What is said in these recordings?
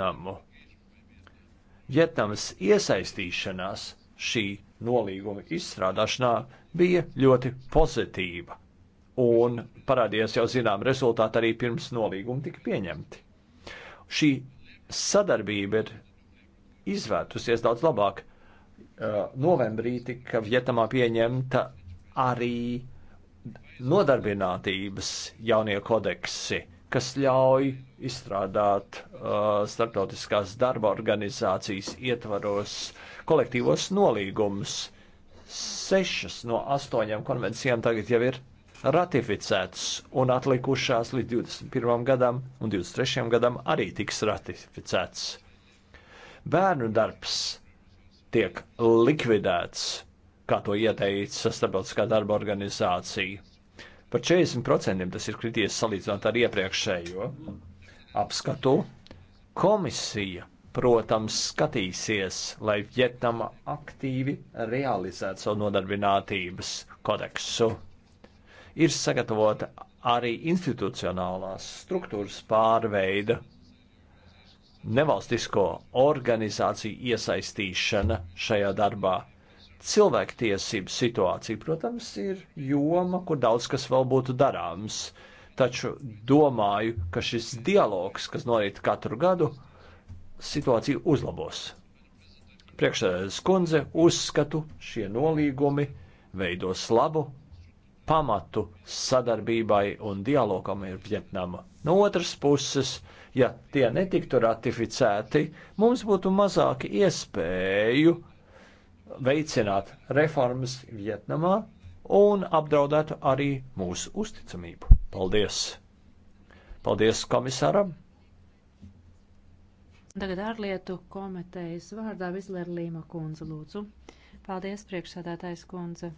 Vietnamu. Vietnamas iesaistīšanās šī nolīguma izstrādāšanā bija ļoti pozitīva un parādījās jau zinām rezultāti arī pirms nolīguma tika pieņemti. Šī sadarbība ir izvērtusies daudz labāk. Uh, novembrī tika Vietnamā pieņemta arī nodarbinātības jaunie kodeksi, kas ļauj izstrādāt uh, starptautiskās darba organizācijas ietvaros kolektīvos nolīgumus. Sešas no astoņām konvencijām tagad jau ir ratificētas, un atlikušās līdz 21. gadam un 23. gadam arī tiks ratificētas. Bērnu darbs tiek likvidēts, kā to ieteica Starptautiskā darba organizācija Par 40% tas ir krities salīdzinot ar iepriekšējo apskatu. Komisija, protams, skatīsies, lai Vietnama aktīvi realizētu savu nodarbinātības kodeksu. Ir sagatavota arī institucionālās struktūras pārveida nevalstisko organizāciju iesaistīšana šajā darbā. Cilvēktiesību situācija, protams, ir joma, kur daudz kas vēl būtu darāms, taču domāju, ka šis dialogs, kas norit katru gadu, situāciju uzlabos. Priekšsēdētājas kundze uzskatu šie nolīgumi veidos labu pamatu sadarbībai un dialogam ar Vietnamu. No otras puses, ja tie netiktu ratificēti, mums būtu mazāki iespēju veicināt reformas Vietnamā un apdraudētu arī mūsu uzticamību. Paldies! Paldies komisāram! Tagad ārlietu komitejas vārdā Vizlerlīma kundze lūdzu. Paldies, priekšsādātājs kundze.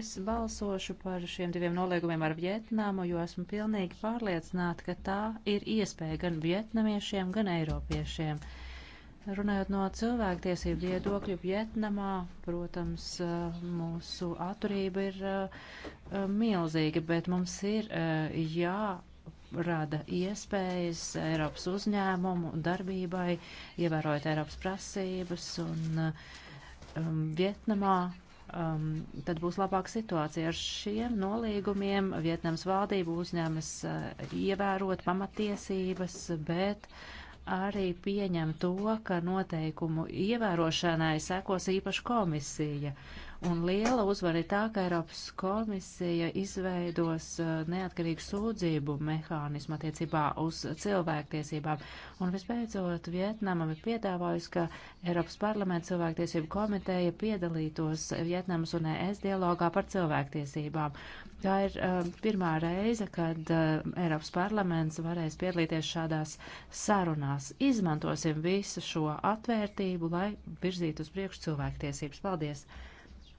Es balsošu par šiem diviem noliegumiem ar Vietnamu, jo esmu pilnīgi pārliecināta, ka tā ir iespēja gan vietnamiešiem, gan eiropiešiem. Runājot no cilvēktiesību viedokļu, Vietnamā, protams, eh, mūsu atturība ir eh, eh, milzīga, bet mums ir jārada iespējas Eiropas uzņēmumu darbībai, ievērojot Eiropas prasības, un um, Vietnamā um, tad būs labāka situācija. Ar šiem nolīgumiem Vietnams valdība uzņēmas uh, ievērot pamatiesības, bet uh, arī pieņem to, ka noteikumu ievērošanai sekos īpaša komisija, Un liela uzvara ir tā, ka Eiropas komisija izveidos uh, neatkarīgu sūdzību mehānismu attiecībā uz cilvēktiesībām. Un visbeidzot, Vietnamam ir piedāvājusi, ka Eiropas parlamenta cilvēktiesību komiteja piedalītos Vietnamas un ES dialogā par cilvēktiesībām. Tā ir uh, pirmā reize, kad uh, Eiropas parlaments varēs piedalīties šādās sarunās. Izmantosim visu šo atvērtību, lai virzītu uz priekšu cilvēktiesības. Paldies!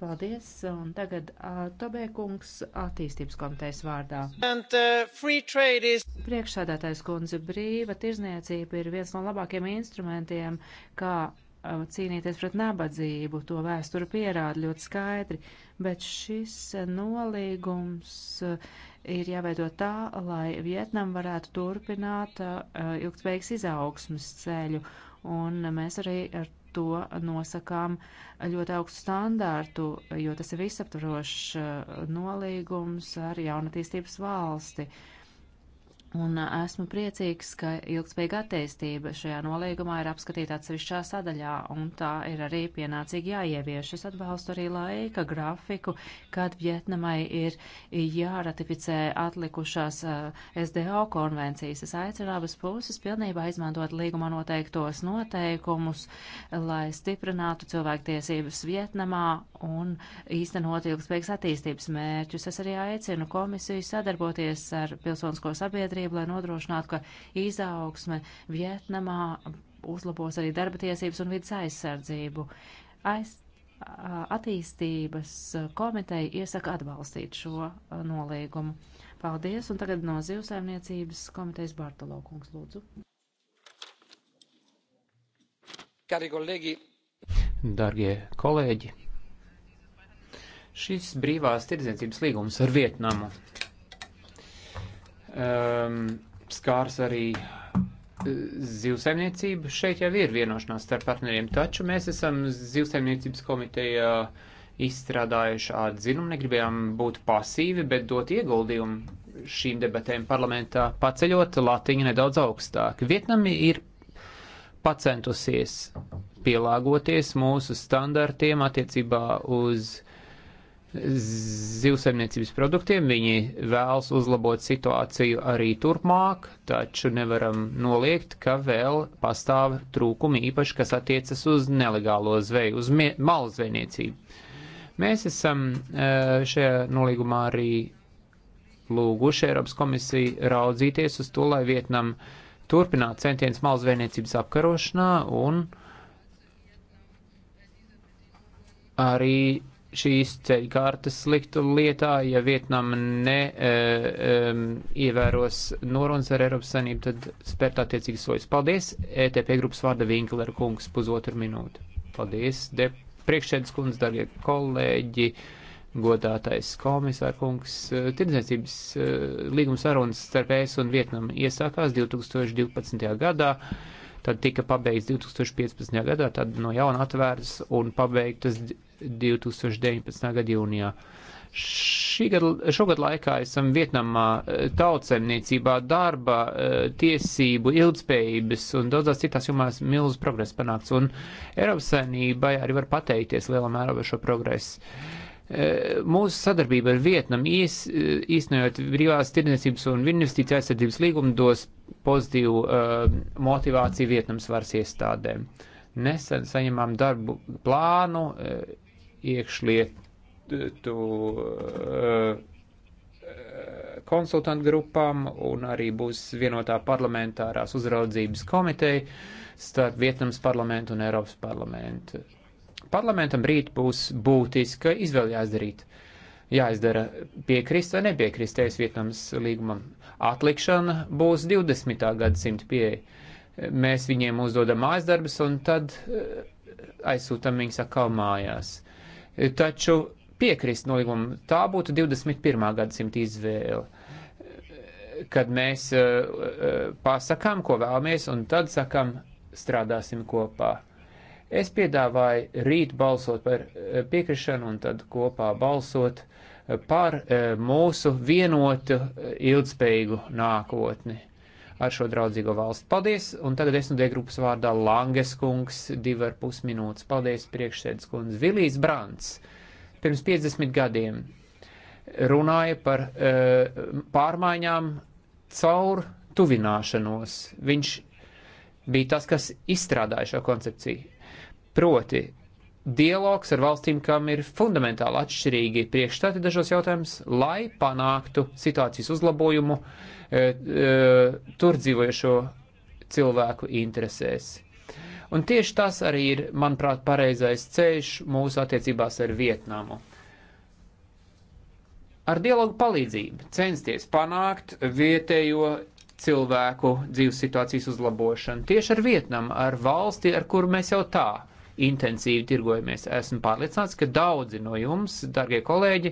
Paldies, un tagad uh, Tobē kungs attīstības komitejas vārdā. And, uh, is... Priekšsādātais kundze brīva tirzniecība ir viens no labākiem instrumentiem, kā uh, cīnīties pret nabadzību, to vēstura pierāda ļoti skaidri, bet šis nolīgums uh, ir jāveido tā, lai Vietnam varētu turpināt uh, ilgspējīgs izaugsmas ceļu. Un mēs arī ar to nosakām ļoti augstu standārtu, jo tas ir visaptvarošs uh, nolīgums ar jaunatīstības valsti. Uh, Un esmu priecīgs, ka ilgspējīga attīstība šajā nolīgumā ir apskatīta atsevišķā sadaļā, un tā ir arī pienācīgi jāievieš. Es atbalstu arī laika grafiku, kad Vietnamai ir jāratificē atlikušās SDO konvencijas. Es aicinu abas puses pilnībā izmantot līgumā noteiktos noteikumus, lai stiprinātu cilvēktiesības Vietnamā un īstenot ilgspējīgas attīstības mērķus. Es arī aicinu komisiju sadarboties ar pilsonsko sabiedrību kārtību, lai nodrošinātu, ka izaugsme Vietnamā uzlabos arī darba tiesības un vidas aizsardzību. Aiz, attīstības komiteja iesaka atbalstīt šo nolīgumu. Paldies, un tagad no zivsaimniecības komitejas Bartolo kungs lūdzu. Kari kolēģi. Dargie kolēģi, šis brīvās tirdzniecības līgums ar Vietnamu um, skārs arī e, zivsaimniecība. Šeit jau ir vienošanās starp partneriem, taču mēs esam zivsaimniecības komiteja izstrādājuši atzinumu, negribējām būt pasīvi, bet dot ieguldījumu šīm debatēm parlamentā, paceļot latiņu nedaudz augstāk. Vietnami ir pacentusies pielāgoties mūsu standartiem attiecībā uz uh, zivsaimniecības produktiem. Viņi vēlas uzlabot situāciju arī turpmāk, taču nevaram noliegt, ka vēl pastāv trūkumi īpaši, kas attiecas uz nelegālo zveju, uz malu zvejniecību. Mēs esam e, šajā nolīgumā arī lūguši Eiropas komisiju raudzīties uz to, lai Vietnam turpināt centienus malu zvejniecības apkarošanā un arī šīs ceļkārtas liktu lietā, ja Vietnama ne e, e, ievēros norunas ar Eiropas Savienību, tad spērt attiecīgas soļus. Paldies, ETP grupas vārda Vinklera kungs, pusotru minūti. Paldies, de priekšsēdus kundze, darbie kolēģi, godātais komisār kungs. E, tirdzniecības e, līgums sarunas starp ES un Vietnamu iesākās 2012. gadā tad tika pabeigts 2015. gadā, tad no jauna atvērts un pabeigtas 2019. gada jūnijā. Gada, šogad laikā esam Vietnamā eh, tautsemniecībā, darba, eh, tiesību, ilgspējības un daudzās citās jomās milzu progresu panākts, un Eiropas saimnībai arī var pateikties lielā mērā par šo progresu. Eh, mūsu sadarbība ar Vietnamu īs, īstenojot brīvās tirdzniecības un investīcija aizsardzības līgumu dos pozitīvu uh, motivāciju Vietnams varas iestādēm. Nesen saņemām darbu plānu uh, iekšlietu eh, konsultantu grupām un arī būs vienotā parlamentārās uzraudzības komiteja starp Vietnams parlamentu un Eiropas parlamentu. Parlamentam rīt būs būtiska izvēle jāizdarīt. Jāizdara piekrist vai nepiekrist es Vietnams līgumam. Atlikšana būs 20. gadsimta pieeja. Mēs viņiem uzdodam mājas darbus un tad eh, aizsūtam viņus atkal mājās taču piekrist nolīgumam. Tā būtu 21. gadsimta izvēle, kad mēs eh, eh, pasakām, ko vēlamies, un tad sakam, strādāsim kopā. Es piedāvāju rīt balsot par eh, piekrišanu un tad kopā balsot par mūsu vienotu ilgspējīgu nākotni ar šo draudzīgo valstu. Paldies, un tagad es nu grupas vārdā Langes kungs, divi ar pus minūtes. Paldies, priekšsēdus kundze. Vilijas Brants pirms 50 gadiem runāja par uh, pārmaiņām caur tuvināšanos. Viņš bija tas, kas izstrādāja šo koncepciju. Proti, dialogs ar valstīm, kam ir fundamentāli atšķirīgi priekšstati dažos jautājumus, lai panāktu situācijas uzlabojumu e, e, tur dzīvojošo cilvēku interesēs. Un tieši tas arī ir, manuprāt, pareizais ceļš mūsu attiecībās ar Vietnamu. Ar dialogu palīdzību censties panākt vietējo cilvēku dzīves situācijas uzlabošanu tieši ar Vietnamu, ar valsti, ar kuru mēs jau tā intensīvi tirgojamies. Esmu pārliecināts, ka daudzi no jums, darbie kolēģi,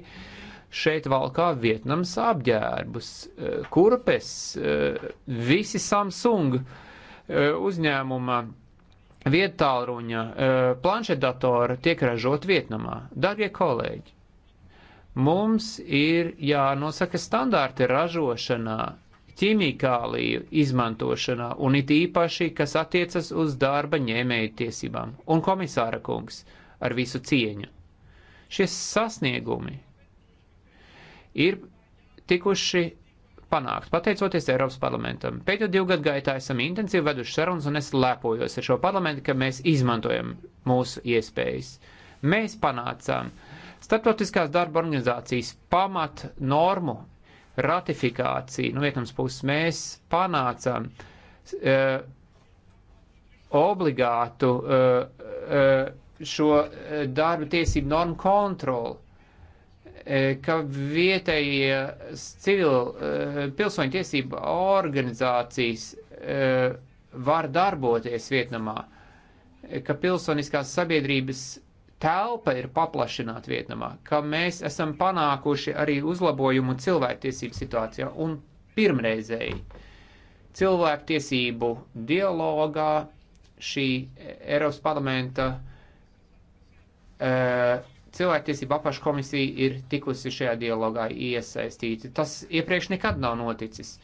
šeit valkā Vietnams apģērbus, eh, kurpes, eh, visi Samsung eh, uzņēmuma vietālruņa, planšetdatora tiek ražot Vietnamā. Darbie kolēģi, mums ir jānosaka standārti ražošanā ķimikāliju izmantošanā un it īpaši, kas attiecas uz darba ņēmēju tiesībām. Un komisāra kungs ar visu cieņu. Šie sasniegumi ir tikuši panākt, pateicoties Eiropas parlamentam. Pēdējo divu gadu gaitā esam intensīvi veduši sarunas, un es lepojos ar šo parlamentu, ka mēs izmantojam mūsu iespējas. Mēs panācām Startautiskās darba organizācijas pamat normu ratifikāciju no Vietnams puses mēs panācām uh, eh, obligātu uh, uh, šo darba tiesību normu kontroli, ka vietējie civil pilsoņu tiesību organizācijas var darboties Vietnamā, ka pilsoniskās sabiedrības telpa ir paplašināta Vietnamā, ka mēs esam panākuši arī uzlabojumu cilvēktiesību situācijā un pirmreizēji cilvēktiesību dialogā šī Eiropas parlamenta uh, cilvēktiesība apaškomisija ir tikusi šajā dialogā iesaistīta. Tas iepriekš nekad nav noticis. Uh,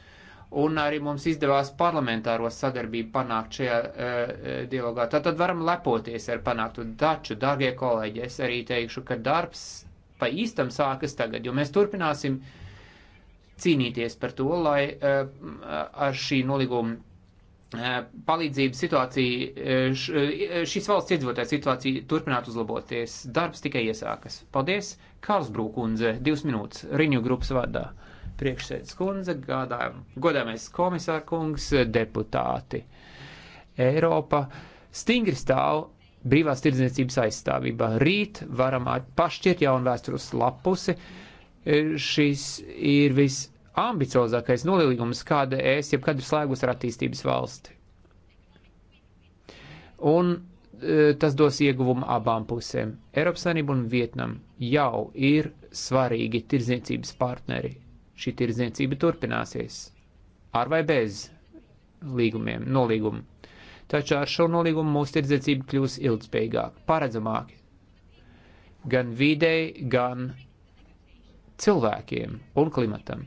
un arī mums izdevās parlamentāro sadarbību panākt šajā uh, dialogā. Tātad varam lepoties ar panāktu taču, dārgie kolēģi, es arī teikšu, ka darbs pa īstam sākas tagad, jo mēs turpināsim cīnīties par to, lai uh, ar šī nolīguma palīdzības situācija, šīs valsts iedzīvotāja situācija turpināt uzlaboties. Darbs tikai iesākas. Paldies, Kārs Brūkundze, divas minūtes, Riņu grupas vārdā. Uh, priekšsēdus kundze, godāmais komisāra kungs, deputāti. Eiropa stingri stāv brīvās tirdzniecības aizstāvībā. Rīt varam pašķirt jaunu vēstures lapusi. E, šis ir visambiciozākais nolīgums, kāda es jebkad ir slēgus ar attīstības valsti. Un e, tas dos ieguvumu abām pusēm. Eiropas Savienība un Vietnam jau ir svarīgi tirdzniecības partneri Šī tirdzniecība turpināsies ar vai bez līgumiem, nolīgumu. Taču ar šo nolīgumu mūsu tirdzniecība kļūs ilgspējīgāka, paredzamāka gan videi, gan cilvēkiem un klimatam.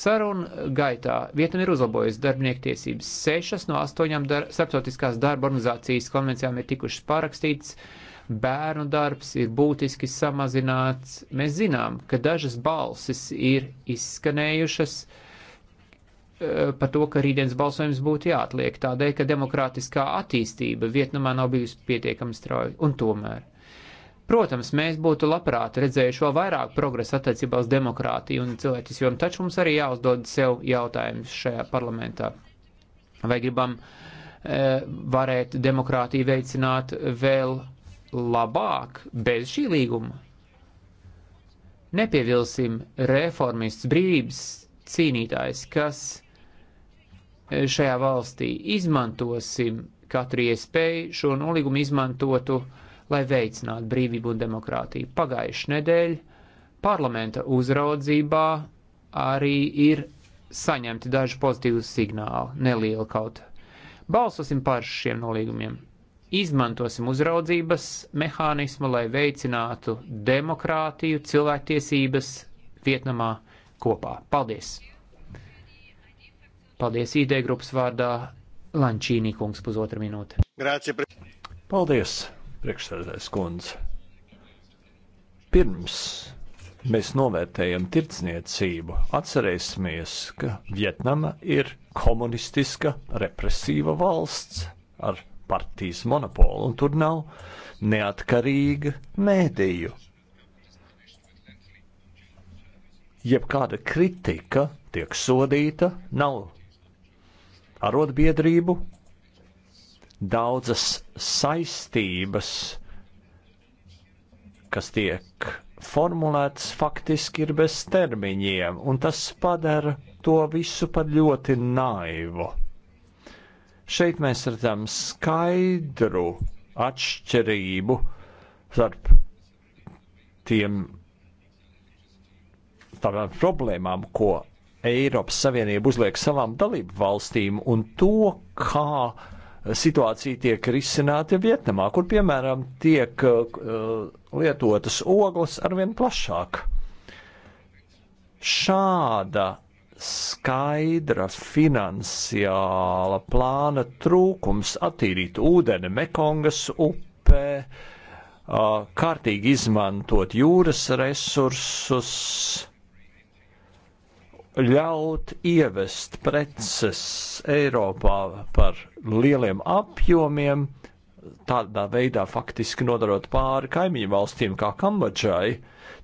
Sarunu gaitā vietam ir uzlabojusi darbinieku tiesības. Sešas no astoņām dar starptautiskās darba organizācijas konvencijām ir tikušas pārakstītas, uh, bērnu darbs ir būtiski samazināts. Mēs zinām, ka dažas balsis ir izskanējušas eh, par to, ka rītdienas balsojums būtu jāatliek tādēļ, ka demokrātiskā attīstība Vietnamā nav bijusi pietiekami strauja. Un tomēr. Protams, mēs būtu labprāt redzējuši vēl vairāk progresa attiecībā uz demokrātiju un cilvēciskiem, taču mums arī jāuzdod sev jautājums šajā parlamentā. Vai gribam uh, varēt demokrātiju veicināt vēl labāk bez šī līguma. Nepievilsim reformists brīvības cīnītājs, kas e, šajā valstī izmantosim katru iespēju šo nolīgumu izmantotu, lai veicinātu brīvību un demokrātiju. Pagājuši nedēļ parlamenta uzraudzībā arī ir saņemti daži pozitīvi signāli, neliela kaut. Balsosim par šiem nolīgumiem. Izmantosim uzraudzības mehānismu, lai veicinātu demokrātiju, cilvēktiesības Vietnamā kopā. Paldies! Paldies ID grupas vārdā Lančīnī kungs pusotra minūte. Grācija. Paldies, priekšsēdētājs kundze. Pirms mēs novērtējam tirdzniecību, atcerēsimies, ka Vietnama ir komunistiska represīva valsts ar partijas monopolu, un tur nav neatkarīga mēdīju. Jebkāda kritika tiek sodīta, nav arotbiedrību, daudzas saistības, kas tiek formulētas, faktiski ir bez termiņiem, un tas padara to visu par ļoti naivu. Šeit mēs redzam skaidru atšķirību starp tiem tādām problēmām, ko Eiropas Savienība uzliek savām dalību valstīm un to, kā situācija tiek risināta Vietnamā, kur, piemēram, tiek uh, lietotas ogles arvien plašāk. Šāda skaidra finansiāla plāna trūkums attīrīt ūdeni Mekongas upē, kārtīgi izmantot jūras resursus, ļaut ievest preces Eiropā par lieliem apjomiem, tādā veidā faktiski nodarot pāri kaimiņu valstīm kā Kambodžai,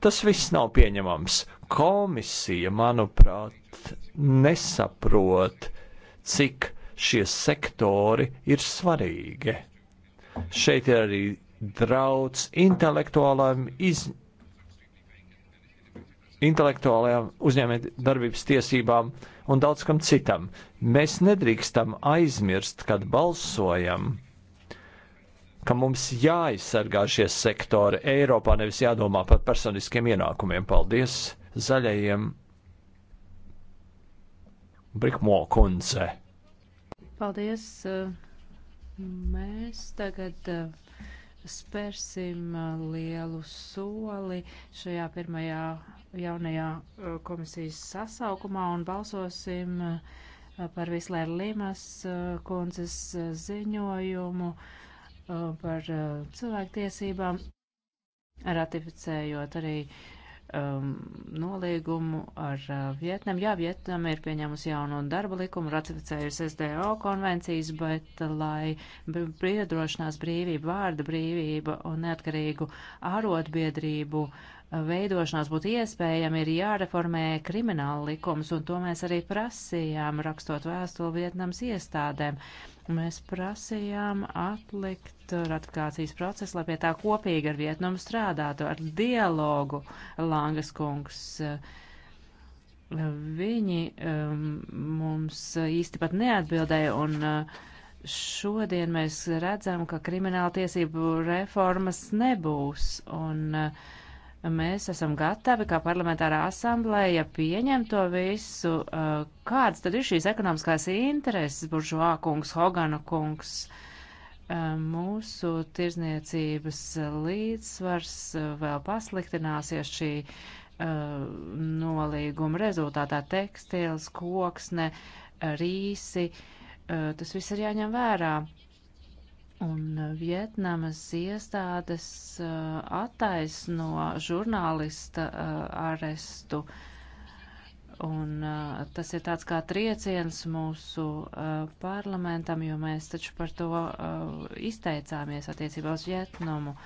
tas viss nav pieņemams. Komisija, manuprāt, nesaprot, cik šie sektori ir svarīgi. Šeit ir arī draudz intelektuālām iz, intelektuālajām uzņēmējdarbības tiesībām un daudz kam citam. Mēs nedrīkstam aizmirst, kad balsojam, ka mums jāaizsargā šie sektori Eiropā, nevis jādomā par personiskiem ienākumiem. Paldies zaļajiem Brikmo kundze. Paldies. Eh, mēs tagad eh, spērsim eh, lielu soli šajā pirmajā jaunajā komisijas sasaukumā un balsosim par Vislēra Limas kundzes ziņojumu par cilvēktiesībām, ratificējot arī uh, um, nolīgumu ar uh, Vietnam. Jā, Vietnam ir pieņēmusi jauno darba likumu, ratificējusi SDO konvencijas, bet uh, lai biedrošinās brīvība, vārda brīvība un neatkarīgu ārotbiedrību uh, veidošanās būtu iespējama, ir jāreformē krimināla likums, un to mēs arī prasījām, rakstot vēstuli Vietnams iestādēm. Mēs prasījām atlikt ratifikācijas procesu, lai pie tā kopīgi ar Vietnamu strādātu, ar dialogu Langas kungs. Viņi um, mums īsti pat neatbildēja, un uh, šodien mēs redzam, ka krimināla tiesību reformas nebūs. Un, uh, Mēs esam gatavi, kā parlamentārā asamblēja, pieņemt to visu. Eh, Kāds tad ir šīs ekonomiskās intereses, buržuā kungs, Hogana kungs? Eh, mūsu tirzniecības līdzsvars eh, vēl pasliktināsies šī nolīguma rezultātā tekstils, koksne, rīsi. Tas viss ir jāņem vērā. Un Vietnamas iestādes uh, attaisno žurnālista uh, arestu. Un uh, tas ir tāds kā trieciens mūsu uh, parlamentam, jo mēs taču par to uh, izteicāmies attiecībā uz Vietnamu.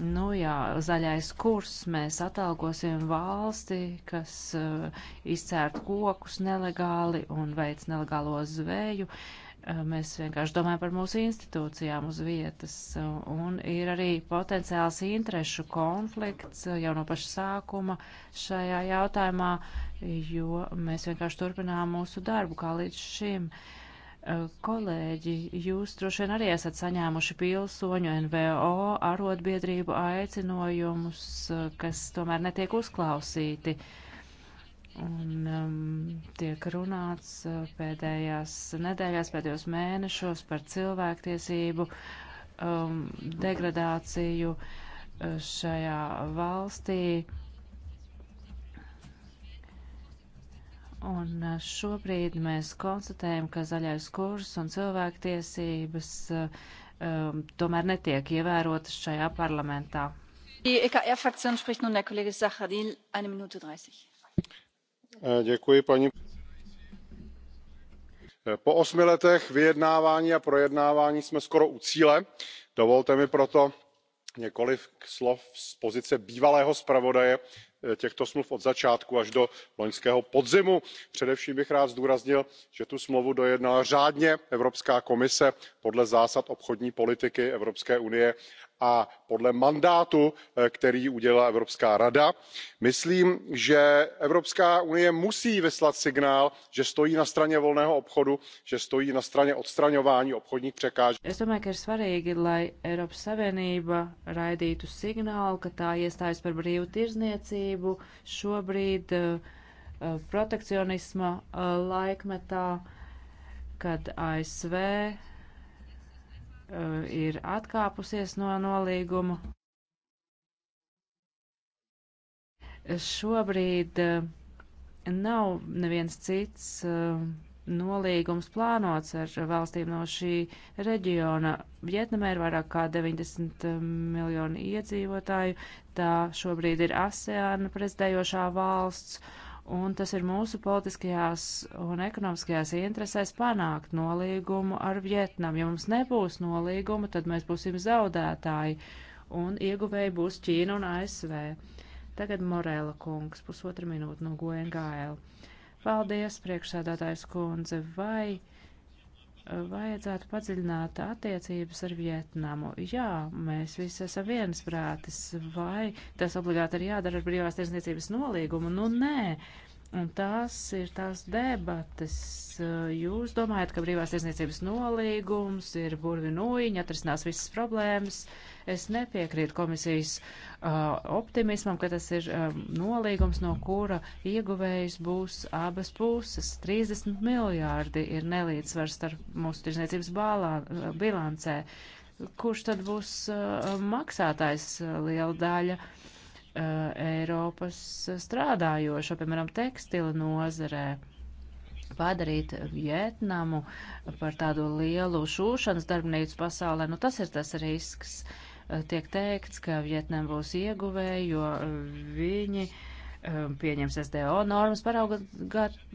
Nu jā, zaļais kurs, mēs atalgosim valsti, kas uh, izcērt kokus nelegāli un veic nelegālo zvēju. Uh, Eh, mēs vienkārši domājam par mūsu institūcijām uz vietas, eh, un ir arī potenciāls interešu konflikts eh, jau no paša sākuma šajā jautājumā, jo mēs vienkārši turpinām mūsu darbu kā līdz šim. Kolēģi, jūs droši vien arī esat saņēmuši pilsoņu NVO arotbiedrību aicinojumus, kas tomēr netiek uzklausīti. Uh, Un um, tiek runāts uh, pēdējās nedēļās, pēdējos mēnešos par cilvēktiesību um, degradāciju uh, šajā valstī. Un uh, šobrīd mēs konstatējam, ka zaļais kurs un cilvēktiesības um, tomēr netiek ievērotas šajā parlamentā. Die EKR-Fraktion spricht nun der Kollege Sachadil, eine Minute 30. Eh, děkuji, paní eh, po osmi letech vyjednávání a projednávání jsme skoro u cíle dovolte mi proto několik slov z pozice bývalého zpravodaje eh, těchto smluv od začátku až do loňského podzimu. především bych rád zdůraznil že tu smlouvu dojednala řádně evropská komise podle zásad obchodní politiky evropské unie a podle mandátu eh, který udělila evropská rada. myslím že evropská unie musí vyslat signál že stojí na straně volného obchodu že stojí na straně odstraňování obchodních překážek. Es domāju, ka ir svarīgi, lai Eiropas Savienība raidītu signālu, ka tā iestājas par brīvu tirzniecību šobrīd eh, protekcionisma eh, laikmetā, kad ASV Eh, ir atkāpusies no nolīgumu. Šobrīd eh, nav neviens cits eh, nolīgums plānots ar valstīm no šī reģiona. Vietnamē ir vairāk kā 90 miljoni iedzīvotāju, tā šobrīd ir ASEAN prezidējošā valsts, uh, un tas ir mūsu politiskajās un ekonomiskajās interesēs panākt nolīgumu ar Vietnamu. Ja mums nebūs nolīguma, tad mēs būsim zaudētāji, un ieguvēji būs Ķīna un ASV. Tagad Morēla kungs, pusotra minūte no GNGL. Paldies, priekšsēdātājs kundze, vai vajadzētu padziļināt attiecības ar Vietnamu. Jā, mēs visi esam viensprātis, vai tas obligāti ir jādara ar brīvās tiesniecības nolīgumu? Nu, nē. Un tās ir tās debates. Jūs domājat, ka brīvās tiesniecības nolīgums ir burvi nūjiņa, atrisinās visas problēmas. Uh, Es nepiekrītu komisijas uh, optimismam, ka tas ir um, nolīgums, no kura ieguvējs būs abas puses. 30 miljārdi ir nelīdzsvars starp mūsu tirzniecības uh, bilancē. Kurš tad būs uh, maksātājs uh, liela daļa? Uh, Eiropas strādājošo, piemēram, tekstila nozarē padarīt Vietnamu par tādu lielu šūšanas darbnīcu pasaulē, nu tas ir tas risks. Eh, tiek teikts, ka Vietnam būs ieguvēji, jo eh, viņi eh, pieņems SDO normas,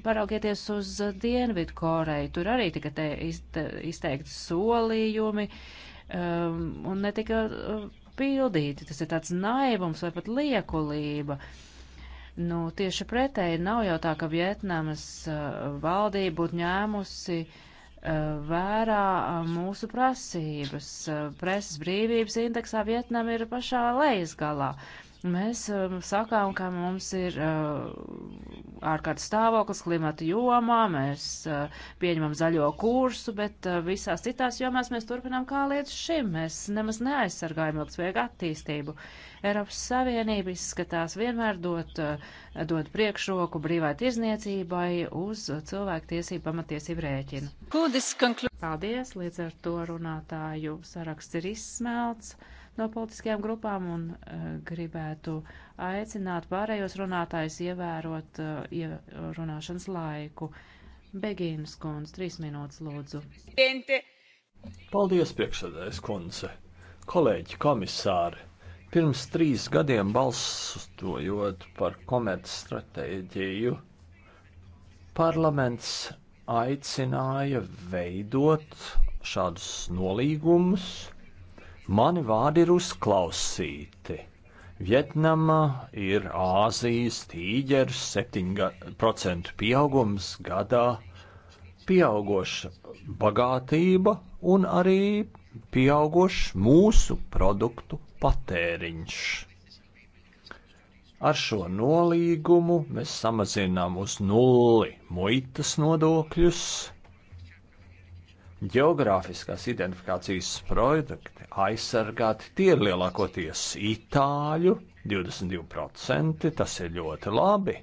paraugieties uz Dienvidu Koreju. Tur arī tika te izteikti solījumi um, un netika pildīti. Tas ir tāds naivums vai pat liekulība. Nu, tieši pretēji nav jau tā, ka Vietnamas valdība būtu ņēmusi uh, vērā mūsu prasības. Preses brīvības indeksā Vietnam ir pašā lejas galā. Uh, Mēs um, sakām, ka mums ir uh, ārkārtas stāvoklis klimata jomā, mēs uh, pieņemam zaļo kursu, bet uh, visās citās jomās mēs turpinām kā līdz šim. Mēs nemaz neaizsargājam ilgspējīgu attīstību. Eiropas Savienība izskatās vienmēr dot, uh, dot priekšroku brīvai tirzniecībai uz cilvēku tiesību pamatiesību rēķinu. Paldies, līdz ar to runātāju saraksts ir izsmelts no politiskajām grupām un uh, gribētu aicināt pārējos runātājus ievērot uh, e, runāšanas laiku. Begīnas kundze, trīs minūtes lūdzu. Paldies, priekšsēdājas kundze, kolēģi, komisāri. Pirms trīs gadiem balsojot par komerces stratēģiju, parlaments aicināja veidot šādus nolīgumus, Mani vārdi ir uzklausīti. Vietnama ir Āzijas tīģeris, 7% pieaugums gadā, pieaugoša bagātība un arī pieaugošs mūsu produktu patēriņš. Ar šo nolīgumu mēs samazinām uz nulli muitas nodokļus, Geogrāfiskās identifikācijas projekti aizsargāti tie ir lielākoties itāļu 22%. Tas ir ļoti labi.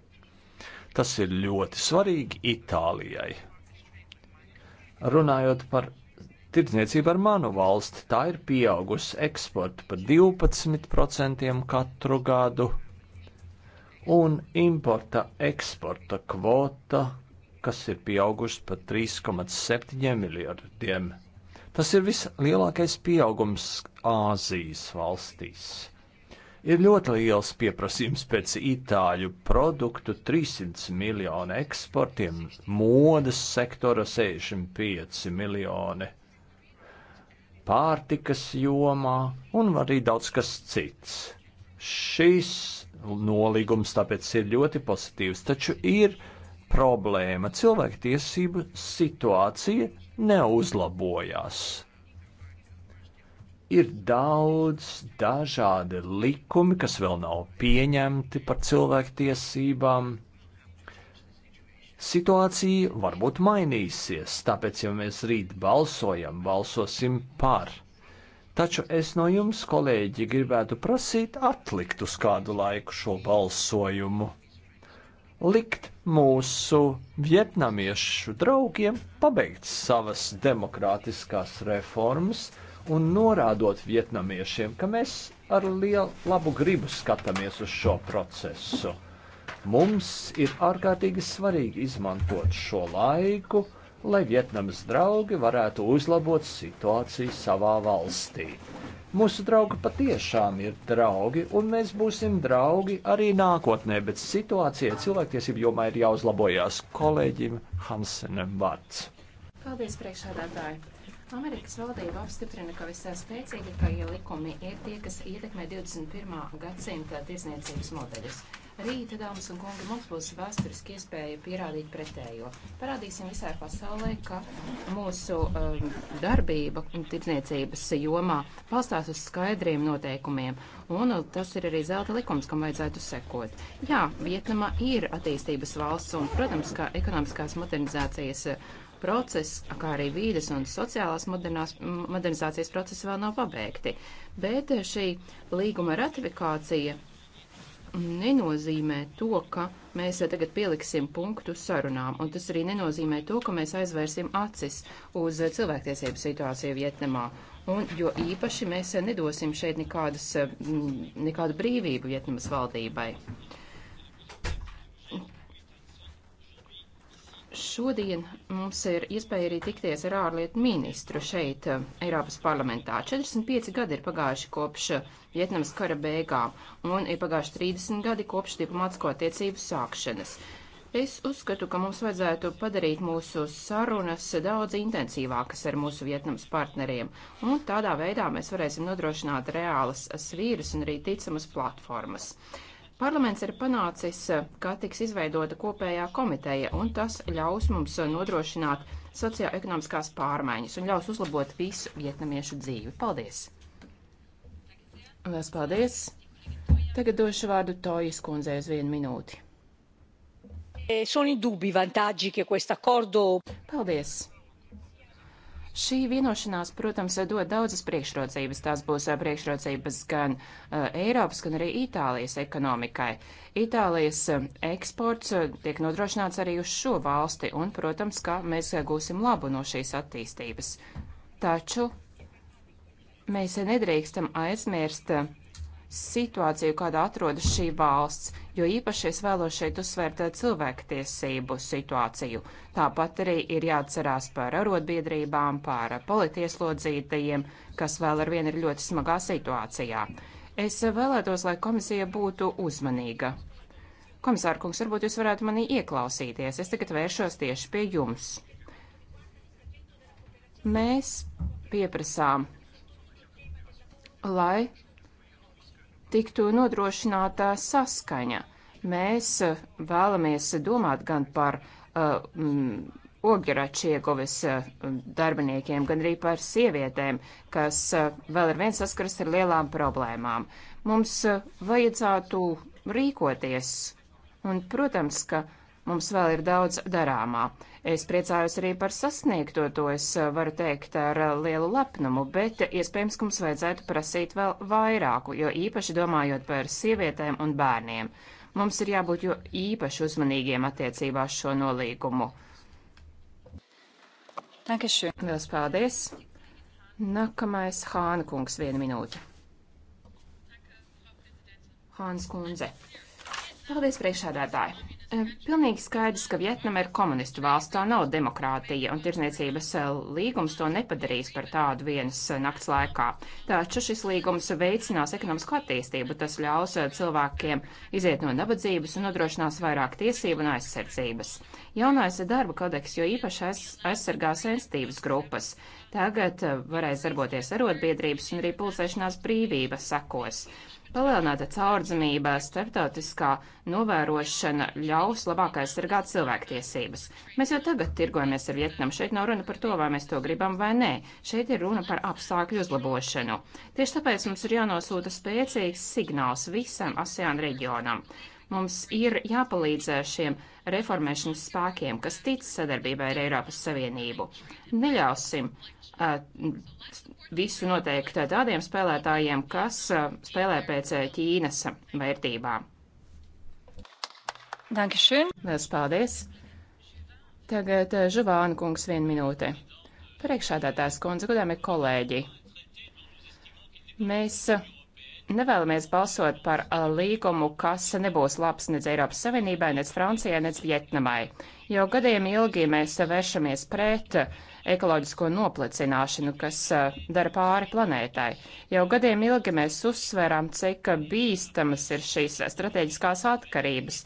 Tas ir ļoti svarīgi Itālijai. Runājot par tirdzniecību ar manu valsti, tā ir pieaugusi eksporta par 12% katru gadu, un importa eksporta kvota kas ir pieaugušas par 3,7 miljardiem. Tas ir vislielākais pieaugums Āzijas valstīs. Ir ļoti liels pieprasījums pēc itāļu produktu, 300 miljoni eksportiem, modes sektora 65 miljoni, pārtikas jomā un arī daudz kas cits. Šis nolīgums tāpēc ir ļoti pozitīvs, taču ir problēma. Cilvēktiesību situācija neuzlabojās. Ir daudz dažādi likumi, kas vēl nav pieņemti par cilvēktiesībām. Situācija varbūt mainīsies, tāpēc, ja mēs rīt balsojam, balsosim par. Taču es no jums, kolēģi, gribētu prasīt atlikt uz kādu laiku šo balsojumu likt mūsu vietnamiešu draugiem pabeigt savas demokrātiskās reformas un norādot vietnamiešiem, ka mēs ar lielu labu gribu skatāmies uz šo procesu. Mums ir ārkārtīgi svarīgi izmantot šo laiku, lai Vietnamas draugi varētu uzlabot situāciju savā valstī. Mūsu draugi patiešām ir draugi, un mēs būsim draugi arī nākotnē, bet situācija cilvēktiesību jomā ir jāuzlabojas kolēģim Hansenam vārds. Paldies, priekšādātāji! Amerikas valdība apstiprina, ka visai spēcīgākie likumi ir tie, kas ietekmē 21. gadsimta tirsniecības modeļus. Rīta, dāmas un kungi, mums būs vēsturiski iespēja pierādīt pretējo. Parādīsim visai pasaulē, ka mūsu um, darbība tirdzniecības jomā palstās uz skaidriem noteikumiem, un uh, tas ir arī zelta likums, kam vajadzētu sekot. Jā, Vietnama ir attīstības valsts, un, protams, kā ekonomiskās modernizācijas uh, process, kā arī vīdes un sociālās modernizācijas process vēl nav pabeigti. Bet uh, šī līguma ratifikācija nenozīmē to, ka mēs tagad pieliksim punktu sarunām, un tas arī nenozīmē to, ka mēs aizvērsim acis uz cilvēktiesību situāciju Vietnamā. Un, jo īpaši mēs nedosim šeit nekādas, mm, nekādu brīvību Vietnamas valdībai. Uh, Šodien mums ir iespēja arī tikties ar ārlietu ministru šeit, eh, Eiropas parlamentā. 45 gadi ir pagājuši kopš eh, Vietnams kara beigām, un ir pagājuši 30 gadi kopš diplomātsko attiecību sākšanas. Es uzskatu, ka mums vajadzētu padarīt mūsu sarunas daudz intensīvākas ar mūsu Vietnams partneriem, un tādā veidā mēs varēsim nodrošināt reālas svīras un arī ticamas platformas. Parlaments ir panācis, eh, ka tiks izveidota kopējā komiteja, un tas ļaus mums eh, nodrošināt sociālo-ekonomiskās pārmaiņas un ļaus uzlabot visu vietnamiešu dzīvi. Paldies! Lielas paldies! Tagad došu vārdu Tojas kundzei uz vienu minūti. Eh, sono indubbi vantaggi che questo accordo. Paldies! Šī vienošanās, protams, dod daudzas priekšrocības. Tās būs priekšrocības gan Eiropas, gan arī Itālijas ekonomikai. Itālijas eksports tiek nodrošināts arī uz šo valsti, un, protams, kā mēs gūsim labu no šīs attīstības. Taču mēs nedrīkstam aizmirst situāciju, kādā atrodas šī valsts, jo īpaši es vēlos šeit uzsvērt eh, cilvēktiesību situāciju. Tāpat arī ir jāatcerās par arotbiedrībām, par politieslodzītajiem, kas vēl ar vienu ir ļoti smagā situācijā. Es vēlētos, lai komisija būtu uzmanīga. Komisārkungs, varbūt jūs varētu manī ieklausīties. Es tagad vēršos tieši pie jums. Mēs pieprasām, lai tiktu nodrošināta saskaņa. Mēs eh, vēlamies domāt gan par uh, eh, um, ogļrača ieguves eh, darbiniekiem, gan arī par sievietēm, kas vēl ar vien saskaras ar lielām problēmām. Mums vajadzētu rīkoties. Un, protams, ka Mums vēl ir daudz darāmā. Es priecājos arī par sasniegto, to es eh, varu teikt ar eh, lielu lepnumu, bet iespējams, ka mums vajadzētu prasīt vēl vairāku, jo īpaši domājot par sievietēm un bērniem. Mums ir jābūt jo īpaši uzmanīgiem attiecībās šo nolīgumu. Tankašu. Lielas paldies! Nākamais Hāna kungs, viena minūte. Hāns kundze. Paldies, priekšādātāji! Pilnīgi skaidrs, ka Vietnama ir komunistu valsts, tā nav demokrātija, un tirzniecības eh, līgums to nepadarīs par tādu vienas eh, nakts laikā. Taču šis līgums veicinās ekonomisko attīstību, tas ļaus eh, cilvēkiem iziet no nabadzības un nodrošinās vairāk tiesību un aizsardzības. Jaunais darba kodeks jo īpaši aizsargā sensitīvas grupas. Tagad varēs darboties arotbiedrības un arī pulcēšanās brīvības sakos. Palielināta caurdzamība, starptautiskā novērošana ļaus labāk aizsargāt cilvēktiesības. Mēs jau tagad tirgojamies ar Vietnamu. Šeit nav runa par to, vai mēs to gribam vai nē. Šeit ir runa par apstākļu uzlabošanu. Tieši tāpēc mums ir jānosūta spēcīgs signāls visam ASEAN reģionam. Mums ir jāpalīdz šiem reformēšanas spēkiem, kas tic sadarbībai ar Eiropas Savienību. Neļausim uh, visu noteikt tādiem spēlētājiem, kas uh, spēlē pēc uh, Ķīnas vērtībām. Dankeschön. Lielas paldies. Tagad uh, Žuvāna kungs vienu minūte. Priekšādātājs kundze, godāmie kolēģi. Mēs uh, nevēlamies balsot par līgumu, kas nebūs labs nec Eiropas Savienībai, nec Francijai, nec Vietnamai. Jau gadiem ilgi mēs vēršamies pret ekoloģisko noplicināšanu, kas dara pāri planētai. Jau gadiem ilgi mēs uzsverām, cik bīstamas ir šīs strateģiskās atkarības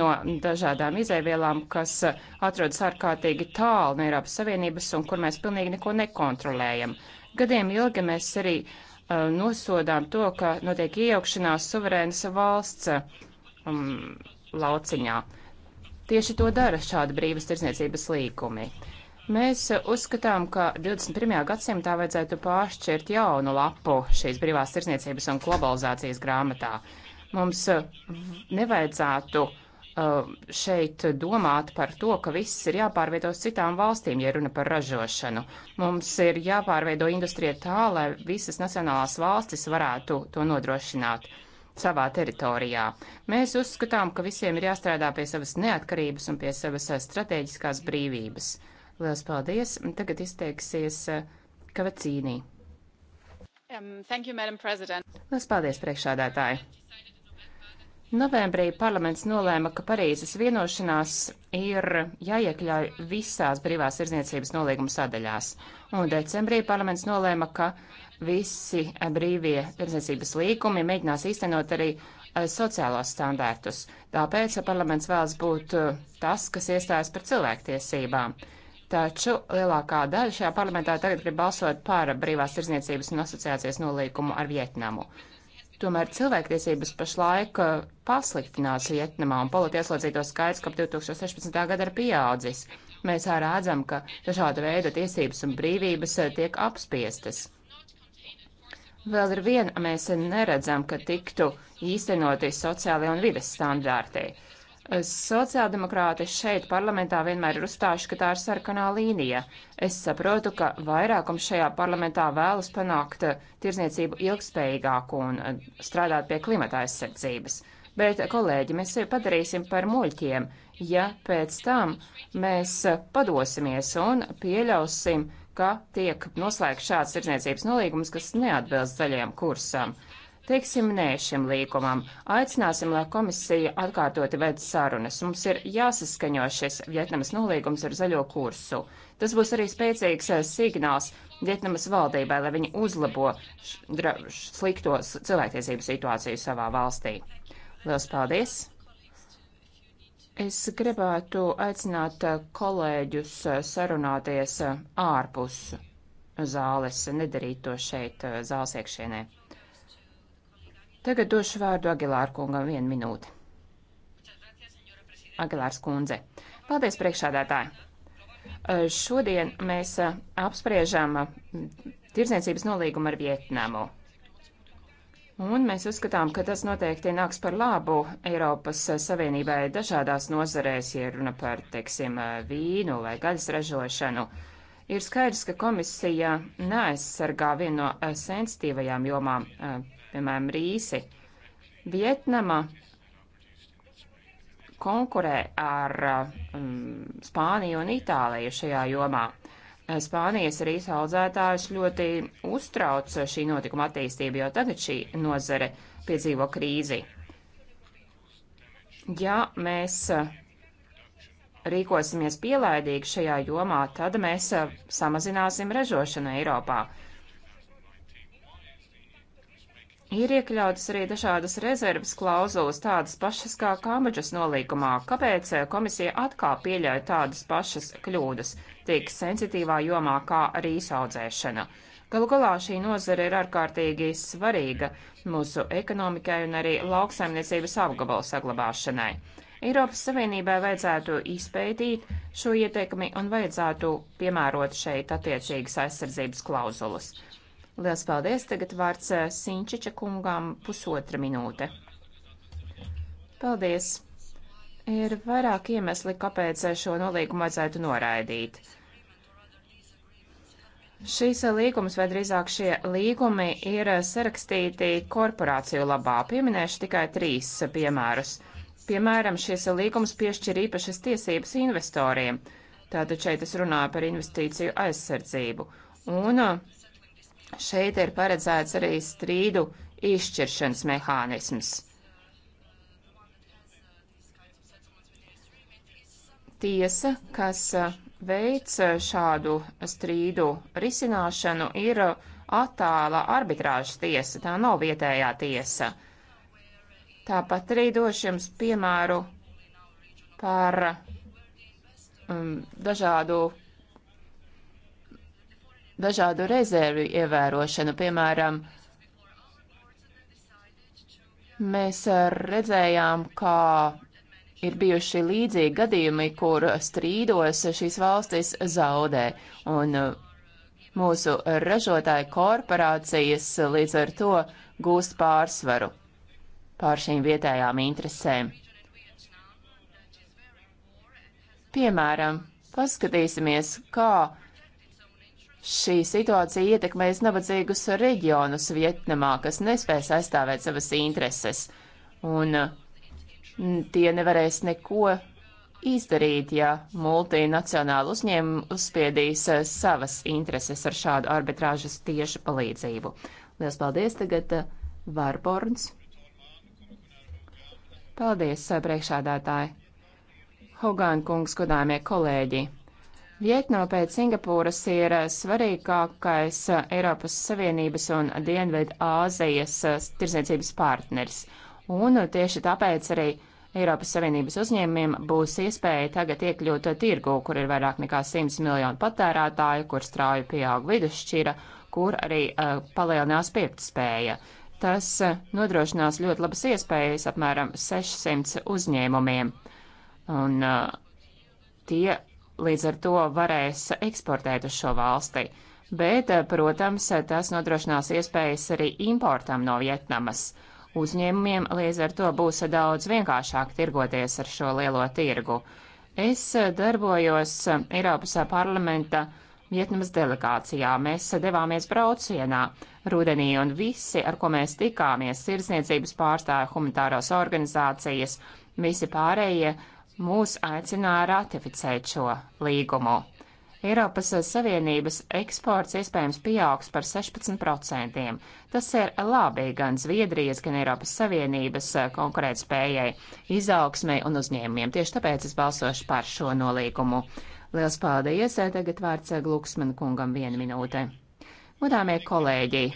no dažādām izēvielām, kas atrodas ārkārtīgi tālu no Eiropas Savienības un kur mēs pilnīgi neko nekontrolējam. Gadiem ilgi mēs arī uh, Uh, nosodām to, ka notiek iejaukšanās suverēnas valsts um, lauciņā. Tieši to dara šādi brīvas tirsniecības līkumi. Mēs uzskatām, ka 21. gadsimtā vajadzētu pāršķirt jaunu lapu šīs brīvās tirsniecības un globalizācijas grāmatā. Mums nevajadzētu uh, Um, šeit domāt par to, ka viss ir jāpārveido uz citām valstīm, ja runa par ražošanu. Mums ir jāpārveido industrija tā, lai visas nacionālās valstis varētu to nodrošināt savā teritorijā. Mēs uzskatām, ka visiem ir jāstrādā pie savas neatkarības un pie savas uh, strateģiskās brīvības. Lielas paldies! Tagad izteiksies uh, Kavacīnī. Um, thank you, Madam President. Lielas paldies, priekšādātāji! Novembrī parlaments nolēma, ka Parīzes vienošanās ir jāiekļauj visās brīvās tirdzniecības nolīguma sadaļās, un decembrī parlaments nolēma, ka visi brīvie tirdzniecības līgumi mēģinās īstenot arī e, sociālos standārtus. Tāpēc parlaments vēlas būt e, tas, kas iestājas par cilvēktiesībām. Taču lielākā daļa šajā parlamentā tagad grib balsot par brīvās tirdzniecības un asociācijas nolīgumu ar Vietnamu. Tomēr cilvēktiesības pašlaik eh, pasliktinās Vietnamā un politieslodzīto skaits, ka 2016. gada ir pieaudzis. Mēs rādzam, ka dažāda veida tiesības un brīvības eh, tiek apspiestas. Vēl ir viena, mēs neredzam, ka tiktu īstenoti sociālie un vides standārti. Sociāldemokrāti šeit parlamentā vienmēr ir uzstājuši, ka tā ir sarkanā līnija. Es saprotu, ka vairākums šajā parlamentā vēlas panākt eh, tirzniecību ilgspējīgāku un eh, strādāt pie klimata aizsardzības. Bet, eh, kolēģi, mēs sevi padarīsim par muļķiem, ja pēc tam mēs padosimies un pieļausim, ka tiek noslēgts šāds tirzniecības nolīgums, kas neatbilst zaļajam kursam. Teiksim nē šim līgumam. Aicināsim, lai komisija atkārtoti veid sarunas. Mums ir jāsaskaņo šis Vietnamas nolīgums ar zaļo kursu. Tas būs arī spēcīgs eh, signāls Vietnamas valdībai, lai viņi uzlabo slikto cilvēktiesību situāciju savā valstī. Lielas paldies! Es gribētu aicināt eh, kolēģus eh, sarunāties ārpus zāles, nedarīt to šeit zāles iekšienē. Tagad došu vārdu Agilāru kungam vienu minūti. Agilārs kundze. Paldies, priekšādātāji! Šodien mēs apspriežam tirdzniecības nolīgumu ar Vietnamu. Un mēs uzskatām, ka tas noteikti nāks par labu Eiropas Savienībai dažādās nozarēs, ja runa par, teiksim, vīnu vai gaļas ražošanu. Ir skaidrs, ka komisija neaizsargā vienu no sensitīvajām jomām piemēram, rīsi. Vietnama konkurē ar um, Spāniju un Itāliju šajā jomā. Spānijas rīsa audzētājus ļoti uztrauc šī notikuma attīstība, jo tagad šī nozare piedzīvo krīzi. Ja mēs uh, rīkosimies pielaidīgi šajā jomā, tad mēs uh, samazināsim ražošanu Eiropā. Uh, Ir iekļautas arī dažādas rezerves klauzulas, tādas pašas kā Kambodžas nolīgumā. Kāpēc eh, komisija atkal pieļauj tādas pašas kļūdas, tik sensitīvā jomā kā rīsaudzēšana? Galu galā šī nozara ir ārkārtīgi svarīga mūsu ekonomikai un arī lauksaimniecības apgabalu saglabāšanai. Eiropas Savienībai vajadzētu izpētīt šo ieteikumi un vajadzētu piemērot šeit attiecīgas aizsardzības klauzulas. Lielas paldies! Tagad vārds eh, Sinčiča kungam pusotra minūte. Paldies! Ir vairāk iemesli, kāpēc eh, šo nolīgumu vajadzētu noraidīt. Šīs eh, līgumas, vai drīzāk šie līgumi, ir sarakstīti korporāciju labā. Pieminēšu tikai trīs piemērus. Piemēram, šis līgums piešķir īpašas tiesības investoriem. Tātad šeit es runāju par investīciju aizsardzību. Un Šeit ir paredzēts arī strīdu izšķiršanas mehānisms. Tiesa, kas uh, veids uh, šādu strīdu risināšanu, ir uh, attāla arbitrāžas tiesa, tā nav vietējā tiesa. Tāpat arī došu jums piemēru par um, dažādu dažādu rezervi ievērošanu. Piemēram, mēs redzējām, kā ir bijuši līdzīgi gadījumi, kur strīdos šīs valstis zaudē. Un uh, mūsu ražotāju korporācijas līdz ar to gūst pārsvaru pār šīm vietējām interesēm. Piemēram, paskatīsimies, kā šī situācija ietekmēs nabadzīgus reģionus Vietnamā, kas nespēs aizstāvēt savas intereses. Un mm, tie nevarēs neko izdarīt, ja multinacionāli uzņēmumi uzspiedīs eh, savas intereses ar šādu arbitrāžas tiešu palīdzību. Lielas paldies tagad eh, Varborns. Paldies, eh, priekšādātāji. Hogāna kungs, godāmie kolēģi. Vietnā pēc Singapūras ir eh, svarīgākais eh, Eiropas Savienības un Dienvidu Āzijas eh, tirzniecības partners. Un tieši tāpēc arī Eiropas Savienības uzņēmumiem būs iespēja tagad iekļūt tirgū, kur ir vairāk nekā 100 miljonu patērētāju, kur strauji pieaug vidusšķira, kur arī uh, palielinās pirktspēja. Tas uh, nodrošinās ļoti labas iespējas apmēram 600 uzņēmumiem. Un uh, tie līdz ar to varēs eksportēt uz šo valsti. Bet, eh, protams, tas nodrošinās iespējas arī importam no Vietnamas. Uzņēmumiem līdz ar to būs daudz vienkāršāk tirgoties ar šo lielo tirgu. Es eh, darbojos eh, Eiropas parlamenta Vietnamas delegācijā. Mēs devāmies braucienā rudenī, un visi, ar ko mēs tikāmies, sirdsniecības pārstāvi, humanitāros organizācijas, visi pārējie mūs aicināja ratificēt šo līgumu. Eiropas Savienības eksports iespējams pieaugs par 16%. Tas ir labi gan Zviedrijas, gan Eiropas Savienības konkurētspējai, izaugsmai un uzņēmumiem. Tieši tāpēc es balsošu par šo nolīgumu. Liels paldies! Tagad vārds Gluksman kungam viena minūte. Godāmie kolēģi,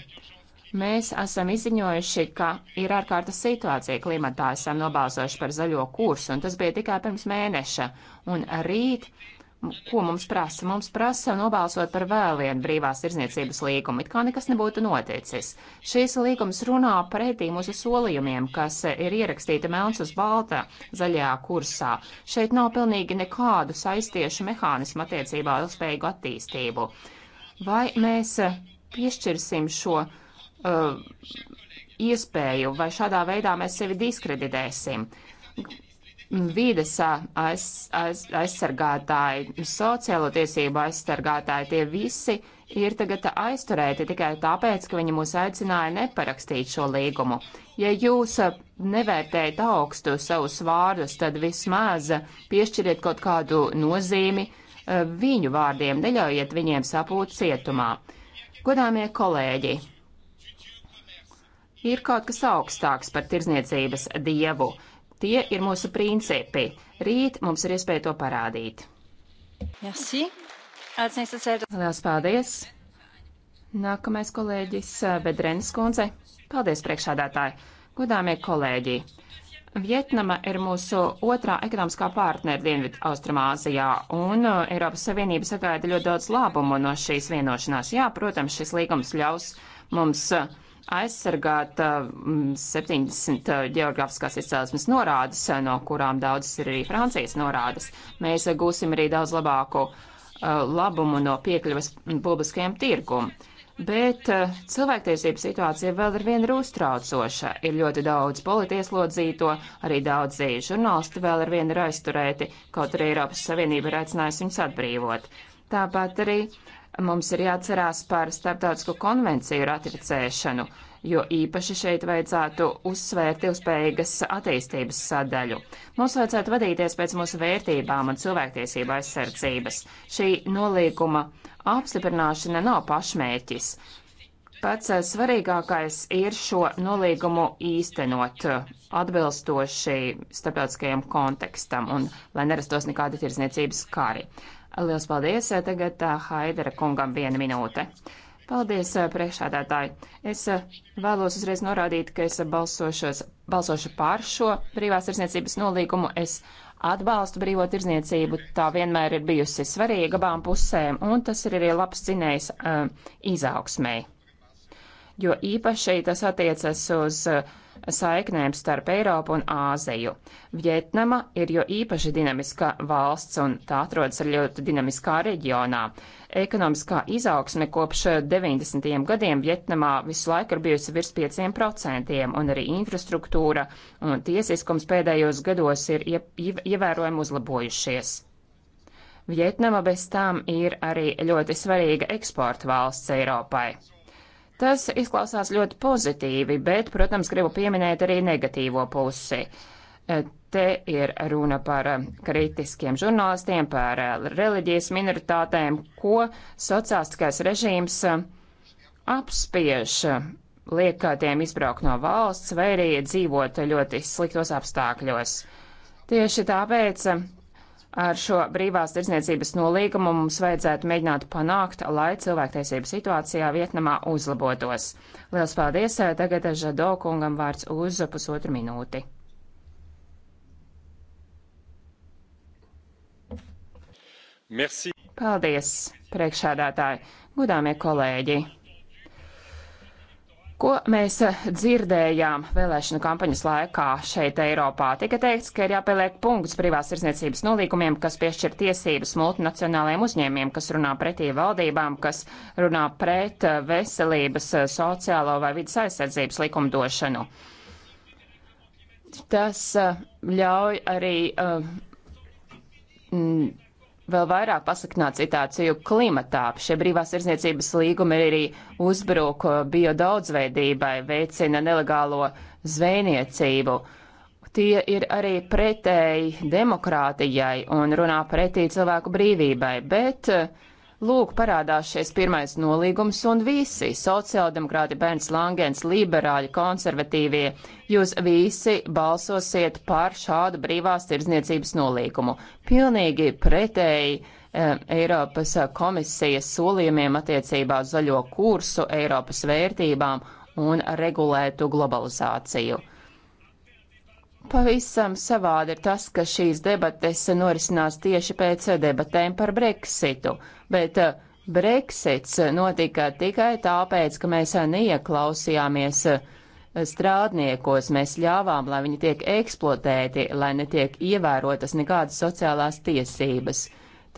Mēs esam izziņojuši, ka ir ārkārtas situācija klimatā, esam nobalsojuši par zaļo kursu, un tas bija tikai pirms mēneša. Un rīt, ko mums prasa? Mums prasa nobalsot par vēl vienu brīvās tirzniecības līgumu, it kā nekas nebūtu noticis. Šīs līgums runā pretī mūsu solījumiem, kas ir ierakstīti melns uz balta zaļajā kursā. Šeit nav pilnīgi nekādu saistiešu mehānismu attiecībā uz spēju attīstību. Vai mēs piešķirsim šo? uh, iespēju, vai šādā veidā mēs sevi diskreditēsim. Vīdes uh, aiz, aiz, aizsargātāji, sociālo tiesību aizsargātāji, tie visi ir tagad aizturēti tikai tāpēc, ka viņi mūs aicināja neparakstīt šo līgumu. Ja jūs uh, nevērtējat augstu savus vārdus, tad vismaz piešķiriet kaut kādu nozīmi uh, viņu vārdiem, neļaujiet viņiem sapūt cietumā. Godāmie kolēģi, ir kaut kas augstāks par tirzniecības dievu. Tie ir mūsu principi. Rīt mums ir iespēja to parādīt. Merci. Lielas paldies! Nākamais kolēģis eh, Bedrenis Kunze. Paldies, priekšādātāji! Godāmie kolēģi! Vietnama ir mūsu otrā ekonomiskā partnera Dienvidu Austrumāzijā, un eh, Eiropas Savienība sagaida ļoti daudz labumu no šīs vienošanās. Jā, protams, šis līgums ļaus mums uh, aizsargāt 70 uh, uh, geogrāfiskās izcelsmes norādes, uh, no kurām daudzas ir arī Francijas norādes. Mēs gūsim arī daudz labāku labumu no piekļuvas publiskajam tirgumam. Bet cilvēktiesību situācija vēl ar vienu ir uztraucoša. Ir ļoti daudz politieslodzīto, arī daudzi žurnālisti vēl ar vienu ir aizturēti, kaut arī Eiropas Savienība ir aicinājusi viņus atbrīvot. Tāpat arī uh, Mums ir jāatcerās par starptautisko konvenciju ratificēšanu, jo īpaši šeit vajadzētu uzsvērt ilgspējīgas attīstības sadaļu. Mums vajadzētu vadīties pēc mūsu vērtībām un cilvēktiesību aizsardzības. Šī nolīguma apstiprināšana nav pašmērķis. Pats eh, svarīgākais ir šo nolīgumu īstenot eh, atbilstoši starptautiskajam kontekstam un lai nerastos nekādi tirzniecības kari. Lielas paldies. Eh, tagad eh, Haidera kungam viena minūte. Paldies, eh, priekšādātāji. Es vēlos uzreiz norādīt, ka es balsošu pār šo brīvās tirsniecības nolīgumu. Es atbalstu brīvo tirzniecību. Tā vienmēr ir bijusi svarīga abām pusēm, un tas ir arī labs cinējs uh, izaugsmēji jo īpaši tas attiecas uz uh, saiknēm starp Eiropu un Āziju. Vietnama ir jo īpaši dinamiska valsts un tā atrodas ar ļoti dinamiskā reģionā. Ekonomiskā izaugsme kopš 90. gadiem Vietnamā visu laiku ir bijusi virs 5%, un arī infrastruktūra un tiesiskums pēdējos gados ir ievērojami uzlabojušies. Vietnama bez tām ir arī ļoti svarīga eksporta valsts Eiropai. Tas izklausās ļoti pozitīvi, bet, protams, gribu pieminēt arī negatīvo pusi. E, te ir runa par e, kritiskiem žurnālistiem, par e, reliģijas minoritātēm, ko sociālistiskais režīms apspiež, liek tiem izbraukt no valsts vai arī dzīvot ļoti sliktos apstākļos. Tieši tāpēc Ar šo brīvās tirdzniecības nolīgumu mums vajadzētu mēģināt panākt, lai cilvēktiesība situācijā Vietnamā uzlabotos. Lielas paldies! Tagad Žado kungam vārds uz pusotru minūti. Merci. Paldies, priekšādātāji, gudāmie kolēģi! Ko mēs dzirdējām vēlēšanu kampaņas laikā šeit Eiropā? Tika teikts, ka ir jāpieliek punkts privās tirsniecības nolīgumiem, kas piešķir tiesības multinacionālajiem uzņēmiem, kas runā pretī valdībām, kas runā pret veselības, sociālo vai vidas aizsardzības likumdošanu. Tas uh, ļauj arī. Uh, mm, vēl vairāk pasliktināt situāciju klimatā. Šie brīvās izniecības līgumi arī uzbruk biodaudzveidībai, veicina nelegālo zvejniecību. Tie ir arī pretēji demokrātijai un runā pretī cilvēku brīvībai, bet uh, Lūk, parādās šis pirmais nolīgums un visi - sociāldemokrāti, Bērns Langens, liberāļi, konservatīvie - jūs visi balsosiet par šādu brīvās tirdzniecības nolīgumu. Pilnīgi pretēji. Eh, Eiropas komisijas solījumiem attiecībā uz zaļo kursu, Eiropas vērtībām un regulētu globalizāciju. Pavisam savādi ir tas, ka šīs debates norisinās tieši pēc debatēm par Brexitu, bet eh, Brexits notika tikai tāpēc, ka mēs neieklausījāmies eh, strādniekos, mēs ļāvām, lai viņi tiek eksploatēti, lai netiek ievērotas nekādas sociālās tiesības.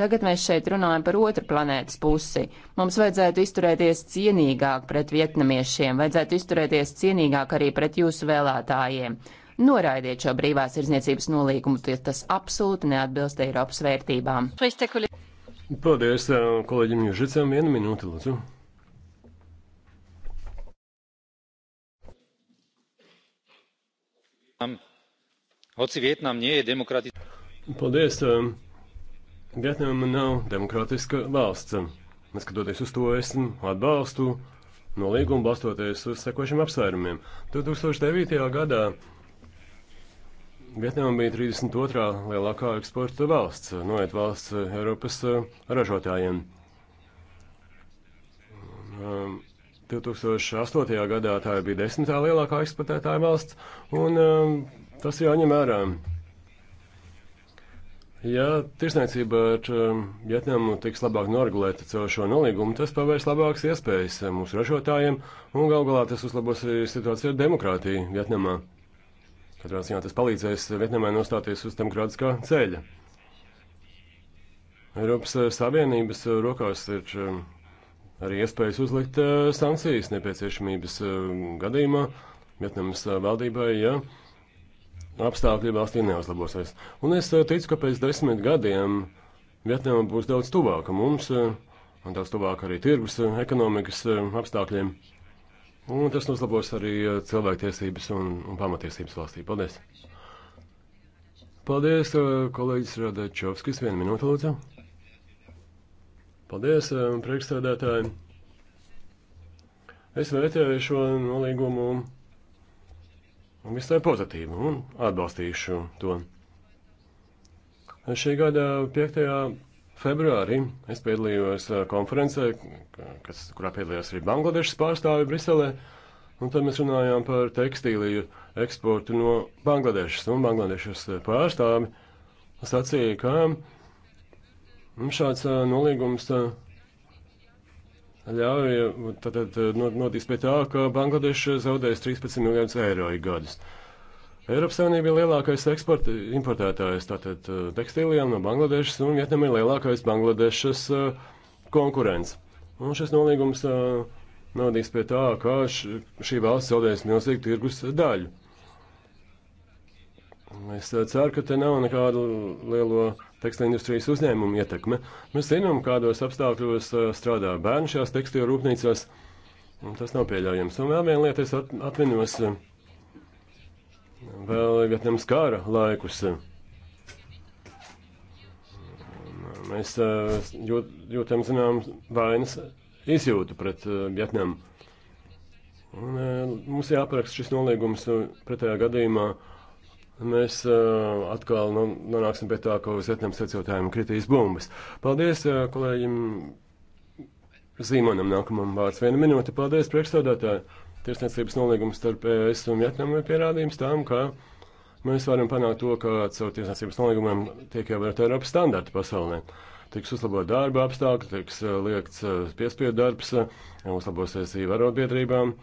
Tagad mēs šeit runājam par otru planētas pusi. Mums vajadzētu izturēties cienīgāk pret vietnamiešiem, vajadzētu izturēties cienīgāk arī pret jūsu vēlētājiem. Noraidiet šo brīvās izniecības nolīgumu, jo tas absolūti neatbilst Eiropas vērtībām. Paldies kolēģim Južicam. Vienu minūti, lūdzu. Hoci Vietnam nie je demokratiska. Paldies. Vietnama nav demokrātiska valsts. Neskatoties uz to, es atbalstu nolīgumu balstoties uz sekošiem apsvērumiem. 2009. gadā Vietnama bija 32. lielākā eksporta valsts, noiet valsts eh, Eiropas eh, ražotājiem. 2008. Eh, gadā tā bija 10. lielākā eksportētāja valsts, un tas jāņem vērā. Ja tirsniecība ar Vietnamu tiks labāk noregulēta caur šo nolīgumu, tas pavērs labākas iespējas mūsu ražotājiem, un gal galā tas uzlabos arī situāciju ar demokrātiju Vietnamā. Katrā ziņā tas palīdzēs Vietnamai nostāties uz demokrātiskā ceļa. Eiropas eh, Savienības eh, rokās ir eh, arī iespējas uzlikt sankcijas nepieciešamības gadījumā Vietnamas valdībai, ja apstākļi valstī neuzlabosies. Un es ticu, ka pēc desmit gadiem Vietnama būs daudz tuvāka mums un daudz tuvāk arī tirgus ekonomikas apstākļiem. Un tas uzlabos arī eh, cilvēktiesības un, un pamatiesības valstī. Paldies! Paldies, eh, kolēģis Radečovskis. Vienu minūtu, lūdzu. Paldies, eh, priekšstādētāji. Es vērtēju šo nolīgumu visai pozitīvu un atbalstīšu to. Šī gada 5. Februārī es piedalījos uh, konferencē, kas, kurā piedalījās arī Bangladešas pārstāvi Briselē, un tad mēs runājām par tekstīliju eksportu no Bangladešas, un Bangladešas uh, pārstāvi sacīja, ka nu, šāds uh, nolīgums ļauj, tad, tad nodīs pie tā, ka Bangladeša zaudēs 13 miljardus eiro ik gadus. Eiropas Savienība ir lielākais eksporta importētājs tātad uh, tekstīlijām no Bangladešas, un Vietnam ir lielākais Bangladešas uh, konkurents. Un šis nolīgums uh, novadīs pie tā, ka šī valsts zaudēs milzīgu tirgus daļu. Es ceru, ka te nav nekādu lielo tekstilu industrijas uzņēmumu ietekme. Mēs zinām, kādos apstākļos strādā bērni šajās tekstilu rūpnīcās. Tas nav pieļaujams. Un vēl viena lieta, es atminos. At vēl Vietnams kara laikus. Mēs jūt, jūtam, zinām, vainas izjūtu pret Vietnamu. Un, mums jāapraksta šis nolīgums, pretējā gadījumā mēs atkal nonāksim pie tā, ka uz Vietnams iedzīvotājiem kritīs bumbas. Paldies kolēģim Zīmonam, nākamam vārds. Viena minūte, paldies priekšstādātāji tirsniecības nolīgums starp ES un Vietnamu ir pierādījums tam, ka mēs varam panākt to, ka caur tiesniecības nolīgumiem tiek ievērta Eiropas standarti pasaulē. Tiks uzlabot darba apstākļi, tiks eh, liekts eh, piespiedu darbs, eh, uzlabosies īvarotbiedrībām.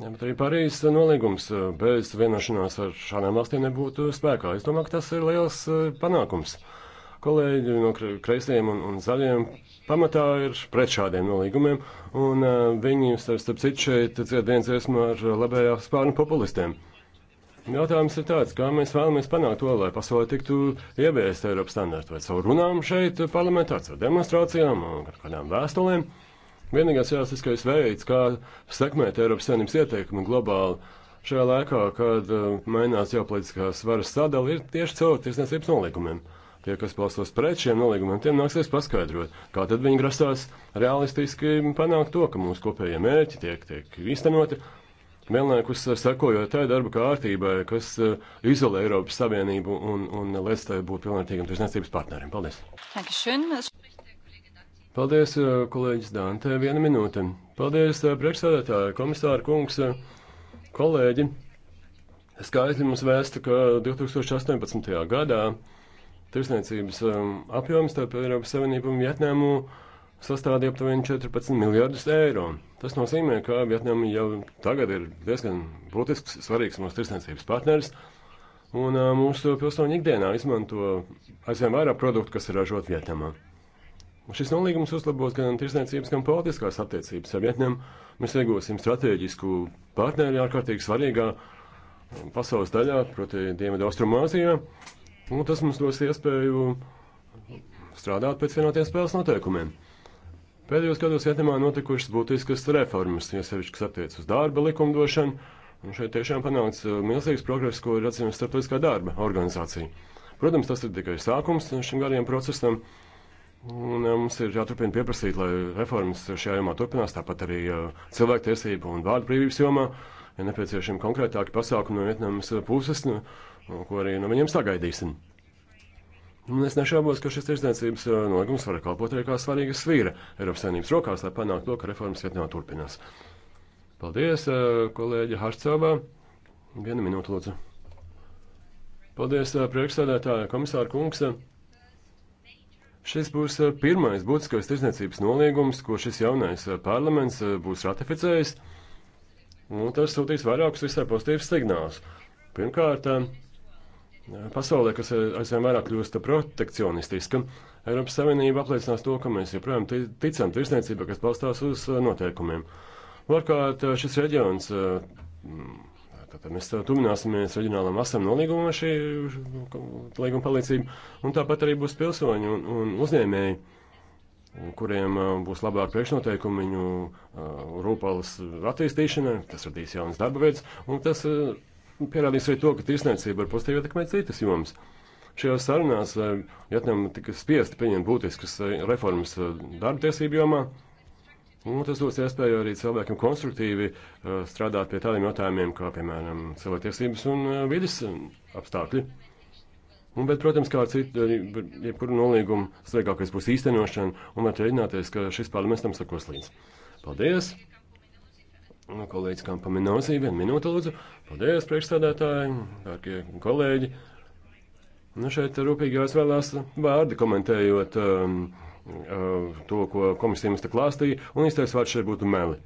Ja, bet arī Parīzes nolīgums bez vienošanās ar šādām valstīm nebūtu spēkā. Es domāju, ka tas ir liels panākums. Uh, kolēģi no kreisajiem un, un zaļiem pamatā ir pret šādiem nolīgumiem, un uh, viņi starp, starp citu šeit dzied viens esmu ar uh, labējā spārnu populistiem. Jautājums ir tāds, kā mēs vēlamies panākt to, lai pasaulē tiktu ieviesta Eiropas standarta vai savu runām šeit parlamentā, ar demonstrācijām un kādām vēstulēm. Vienīgais jāsiskais veids, kā sekmēt Eiropas saimnības ieteikumu globāli šajā laikā, kad uh, mainās ģeopolitiskās varas sadali, ir tieši caur tiesniecības nolīgumiem. Uh, tie, kas balstos pret šiem nolīgumiem, tiem nāksies paskaidrot, kā tad viņi grasās realistiski panākt to, ka mūsu kopējie mērķi tiek, tiek īstenoti, vienlaikus eh, sekojot tai darba kārtībai, kas eh, izolē Eiropas Savienību un, un liec tai būt pilnvērtīgam tirsniecības partnerim. Paldies! Paldies, eh, kolēģis Dante, viena minūte. Paldies, priekšsēdētāji, komisāra kungs, kolēģi. Skaidri mums vēsta, ka 2018. gadā tirsniecības um, apjoms starp Eiropas Savienību un Vietnamu sastādīja aptuveni 14 miljardus eiro. Tas nozīmē, ka Vietnama jau tagad ir diezgan būtisks, svarīgs mūsu tirsniecības partneris. Un uh, mūsu pilsoņi ikdienā izmanto aizvien vairāk produktu, kas ir ražot Vietnamā. Šis nolīgums uzlabos gan tirsniecības, gan politiskās attiecības ar Vietnamu. Mēs iegūsim strateģisku partneri ārkārtīgi svarīgā pasaules daļā, proti Dienvidu Austrumāzijā. Un tas mums dos iespēju strādāt pēc vienotiem spēles noteikumiem. Pēdējos gados Vietnamā notikušas būtiskas reformas, iesevišķi, kas attiec uz darba likumdošanu, un šeit tiešām panāca uh, milzīgs progress, ko ir atzīmējusi starptautiskā darba organizācija. Protams, tas ir tikai sākums šim garajam procesam, un uh, mums ir jāturpina pieprasīt, lai reformas šajā jomā turpinās, tāpat arī uh, cilvēktiesību un vārdu brīvības jomā ir ja nepieciešami konkrētāki pasākumi no Vietnamas puses. No, nu, ko arī no nu, viņiem sagaidīsim. Un es nešaubos, ka šis tirdzniecības uh, nogums var kalpot arī kā svarīga svīra Eiropas Savienības rokās, lai panāktu to, ka reformas Vietnamā turpinās. Paldies, uh, kolēģi Harcovā. Viena minūte, lūdzu. Paldies, uh, priekšsēdētāja komisāra kungs. Šis būs pirmais būtiskais tirdzniecības noliegums, ko šis jaunais parlaments būs ratificējis. Un tas sūtīs vairākus visai pozitīvus signālus. Pirmkārt, Pasaulē, kas aizvien vairāk kļūst protekcionistiska, Eiropas Savienība apliecinās to, ka mēs joprojām ticam tirsniecībai, kas balstās uz noteikumiem. Varbūt šis reģions, mm, tātad mēs tuvināsimies reģionālam asam nolīgumam ar šī līguma palīdzību, un tāpat arī būs pilsoņi un, un uzņēmēji, kuriem uh, būs labāk priekšnoteikumi viņu uh, rūpalas attīstīšanai, tas radīs jaunas darba vietas, un tas uh, pierādījis arī to, ka tirsniecība var pozitīvi ietekmēt citas jomas. Šajās sarunās Vietnama eh, tika spiesti pieņemt būtiskas eh, reformas eh, darba tiesību jomā. Un tas dos iespēju arī cilvēkiem konstruktīvi strādāt pie tādiem jautājumiem, kā, piemēram, cilvēktiesības un vidas apstākļi. Un, bet, protams, kā ar citu, jebkuru nolīgumu svarīgākais būs īstenošana un var ķēdināties, ka šis parlaments tam sakos līdzi. Paldies! Nu, kolēģis Kampa Minosī, vienu minūtu lūdzu. Paldies, priekšstādātāji, dārgie kolēģi. Nu, šeit rūpīgi jāsvēlās vārdi komentējot um, uh, to, ko komisija mums te klāstīja, un īstais vārds šeit būtu meli.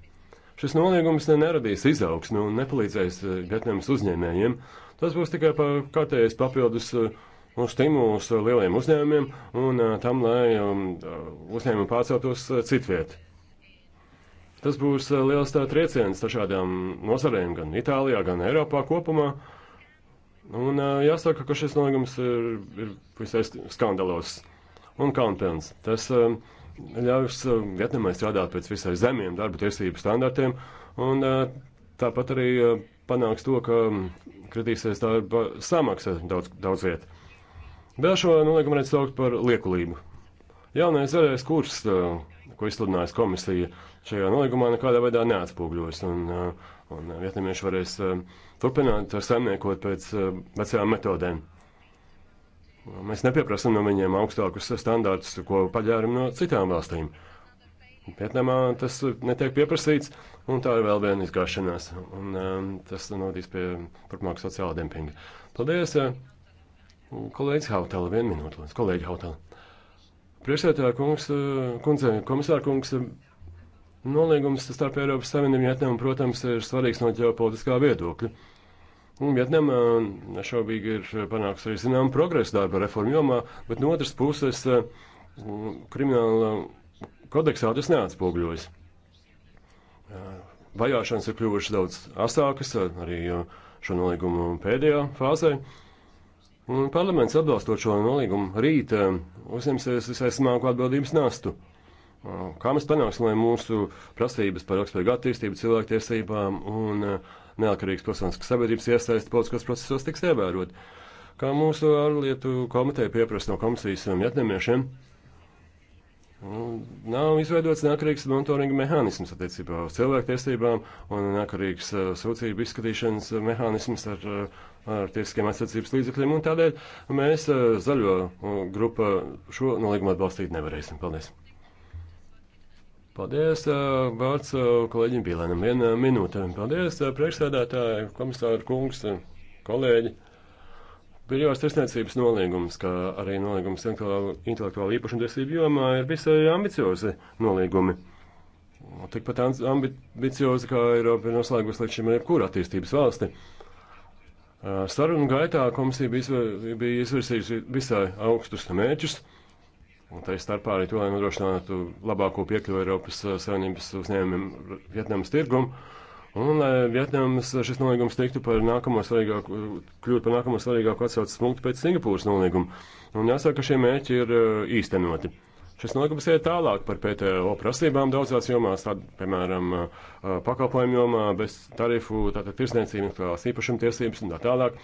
Šis noliegums ne neradīs izaugsmi un nepalīdzēs uh, Vietnamas uzņēmējiem. Tas būs tikai pa kārtējais papildus uh, un stimulus uh, lieliem uzņēmumiem un uh, tam, lai um, uh, uzņēmumi pārceltos uh, citviet. Tas būs liels trieciens dažādām nozarēm, gan Itālijā, gan Eiropā kopumā. Un jāsaka, ka šis nolīgums ir, ir visai skandalos un kaunpilns. Tas ļaus Vietnamai strādāt pēc visai zemiem darba tiesību standartiem, un tāpat arī panāks to, ka kritīsies darba samaksa daudz, daudz viet. Vēl šo nolīgumu varētu saukt par liekulību. Jaunais zaļais kurs, ko izsludinājusi komisija, šajā nolīgumā nekādā veidā neatspūgļos. Un, uh, un uh, vietnamieši varēs uh, turpināt ar saimniekot pēc vecajām metodēm. Mēs nepieprasām no viņiem augstākus standārtus, ko paģēram no citām valstīm. Vietnamā tas netiek pieprasīts, un tā ir vēl viena izgāšanās. Un, um, tas novadīs pie turpmāka sociāla dempinga. Paldies! Uh, kolēģis Hautala, vienu minūti, lūdzu. Kolēģi Hautala. Priekšsētā kungs, kundze, komisāra kungs, Nolīgums starp Eiropas Savienību un Vietnamu, protams, ir svarīgs no ģeopolitiskā viedokļa. Un Vietnama nešaubīgi eh, ir panākusi arī zinām progresu darba reformu jomā, bet no otras puses eh, krimināla kodeksā tas neatspūgļojas. Eh, vajāšanas ir kļuvušas daudz asākas, arī šo nolīgumu pēdējā fāzē. Un parlaments atbalstot šo nolīgumu rīt uzņemsies visai smāku atbildības nastu. Kā mēs panāksim, lai mūsu prasības par ilgspējīgu attīstību, cilvēktiesībām un neatkarīgas pilsoniskas sabiedrības iesaisti politiskos procesos tiks ievērot? Kā mūsu ārlietu komiteja pieprasa no komisijas un vietnamiešiem, nav izveidots neatkarīgs monitoringa mehānisms attiecībā uz cilvēktiesībām un neatkarīgs sūdzību izskatīšanas mehānisms ar, ar tiesiskiem aizsardzības līdzekļiem, un tādēļ mēs zaļo grupa šo nolīgumu atbalstīt nevarēsim. Paldies! Paldies, vārds kolēģim Bīlēnam. Viena minūte. Paldies, priekšsēdētāji, komisāri kungs, kolēģi. Brīvās tirsniecības nolīgums, kā arī nolīgums intelektuāla īpašumtiesību jomā, ir visai ambiciozi nolīgumi. Tikpat ambiciozi, kā Eiropa ir noslēgusi līdz šim jebkura attīstības valsti. Sarunu gaitā komisija bija izvirsījusi visai augstus mērķus. Un tā ir starpā arī to, lai nodrošinātu labāko piekļuvu Eiropas uh, Savienības uzņēmumiem Vietnamas tirgumu. Un lai Vietnamas uh, šis nolīgums tiktu par nākamo svarīgāku, kļūt par nākamo svarīgāku atsaucas punktu pēc Singapūras nolīguma. Un jāsaka, ka šie mērķi ir uh, īstenoti. Šis nolīgums iet tālāk par PTO prasībām daudzās jomās, tād, piemēram, pakalpojumu jomā, bez tarifu, tātad tirsniecības, kā īpašumtiesības un tā tālāk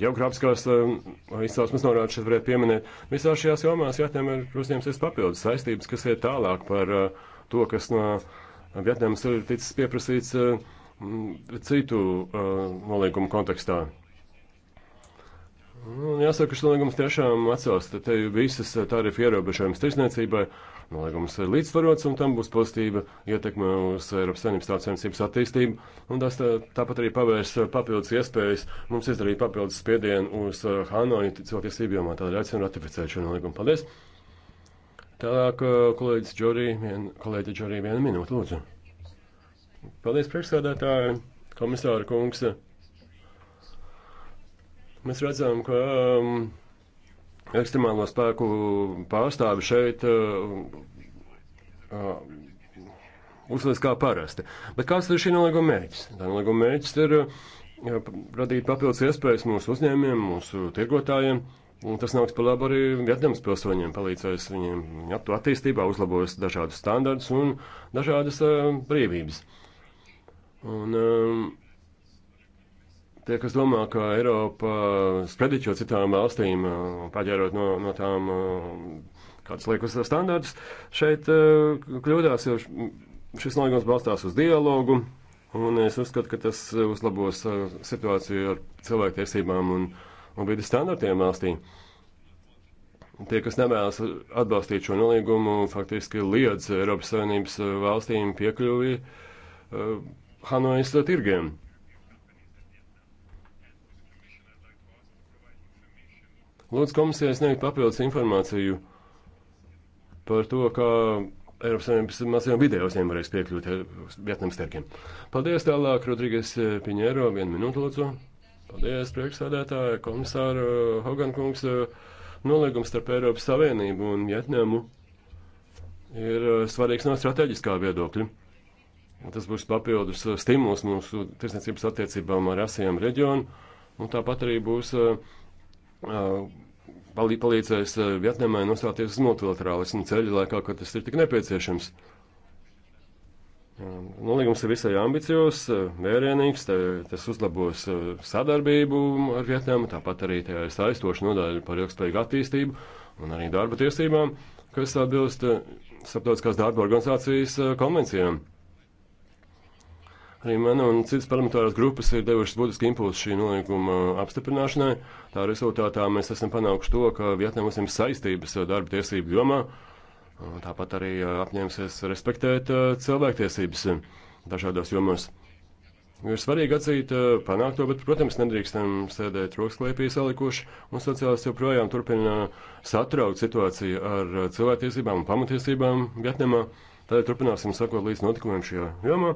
geogrāfiskās um, izcelsmes norādes šeit varētu pieminēt. Visā šajās jomās Vietnam ir uzņemsies papildus saistības, kas iet tālāk par uh, to, kas no Vietnamas ir ticis pieprasīts uh, citu uh, nolīgumu kontekstā. Nu, jāsaka, ka šis nolīgums tiešām atcelsta te visas eh, tarifu ierobežojumus tirsniecībai. Nolīgums ir līdzsvarots un tam būs pozitīva ietekme uz Eiropas saimnības tautsēmniecības attīstību. Un tas tā, eh, tāpat arī pavērs eh, papildus iespējas mums izdarīt papildus spiedienu uz Hanoju cilvēktiesību jomā. Tādēļ aicinu ratificēt šo nolīgumu. Paldies! Tālāk kolēģis Džorī, vien, kolēģi Džorī, vienu minūtu lūdzu. Paldies priekšsēdētāji, komisāra kungs. Mēs redzam, ka um, ekstremālo spēku pārstāvi šeit uh, uh, uzliekas kā parasti. Bet kāds ir šī nolīguma mēģis? Tā nolīguma mēģis ir uh, radīt papildus iespējas mūsu uzņēmiem, mūsu tirgotājiem. Un tas nāks par labu arī Vietnamas pilsoņiem, palīdzēs viņiem aptu attīstībā, uzlabos dažādus standartus un dažādas uh, brīvības. Un, um, Tie, kas domā, ka Eiropa sprediķo citām valstīm, uh, paģērot no, no tām uh, kādus liekus standārtus, šeit uh, kļūdās, jo šis nolīgums balstās uz dialogu, un es uzskatu, ka tas uzlabos situāciju ar cilvēktiesībām un, un vidas standartiem valstī. Tie, kas nevēlas atbalstīt šo nolīgumu, faktiski liedz Eiropas Savienības valstīm piekļuvi uh, Hanojas tirgiem. Lūdzu, komisijai sniegt papildus informāciju par to, kā Eiropas Savienības mazajiem video uzņēmumiem varēs piekļūt Vietnams tirkiem. Paldies tālāk, Rodrīgas Piņēro, vienu minūtu lūdzu. Paldies, priekšsādētāja, komisāra Hogankungs. Nolīgums starp Eiropas Savienību un Vietnamu ir svarīgs no strateģiskā viedokļa. Tas būs papildus stimuls mūsu tirsniecības attiecībām ar asiem reģionu, un tāpat arī būs uh, uh, palīdzēs eh, Vietnamai nostāties uz multilaterālismu ceļu laikā, kad tas ir tik nepieciešams. Nolīgums ir visai ambiciozs, eh, vērienīgs, te, tas uzlabos eh, sadarbību ar Vietnamu, tāpat arī tajā ir saistoša nodaļa par ilgspējīgu attīstību un arī darba tiesībām, kas atbilst starptautiskās darba organizācijas konvencijām. Arī man un citas parlamentārās grupas ir devušas būtisku impulsu šī nolīguma apstiprināšanai. Tā rezultātā mēs esam panākuši to, ka Vietnam uzņem saistības darba tiesību jomā. Tāpat arī apņēmusies respektēt cilvēktiesības dažādās jomās. Ir svarīgi atzīt panākt to, bet, protams, nedrīkstam sēdēt roksklēpī salikuši, un sociālisti joprojām turpina satraukt situāciju ar cilvēktiesībām un pamatiesībām Vietnamā. Tādēļ turpināsim sakot līdz notikumiem šajā jomā.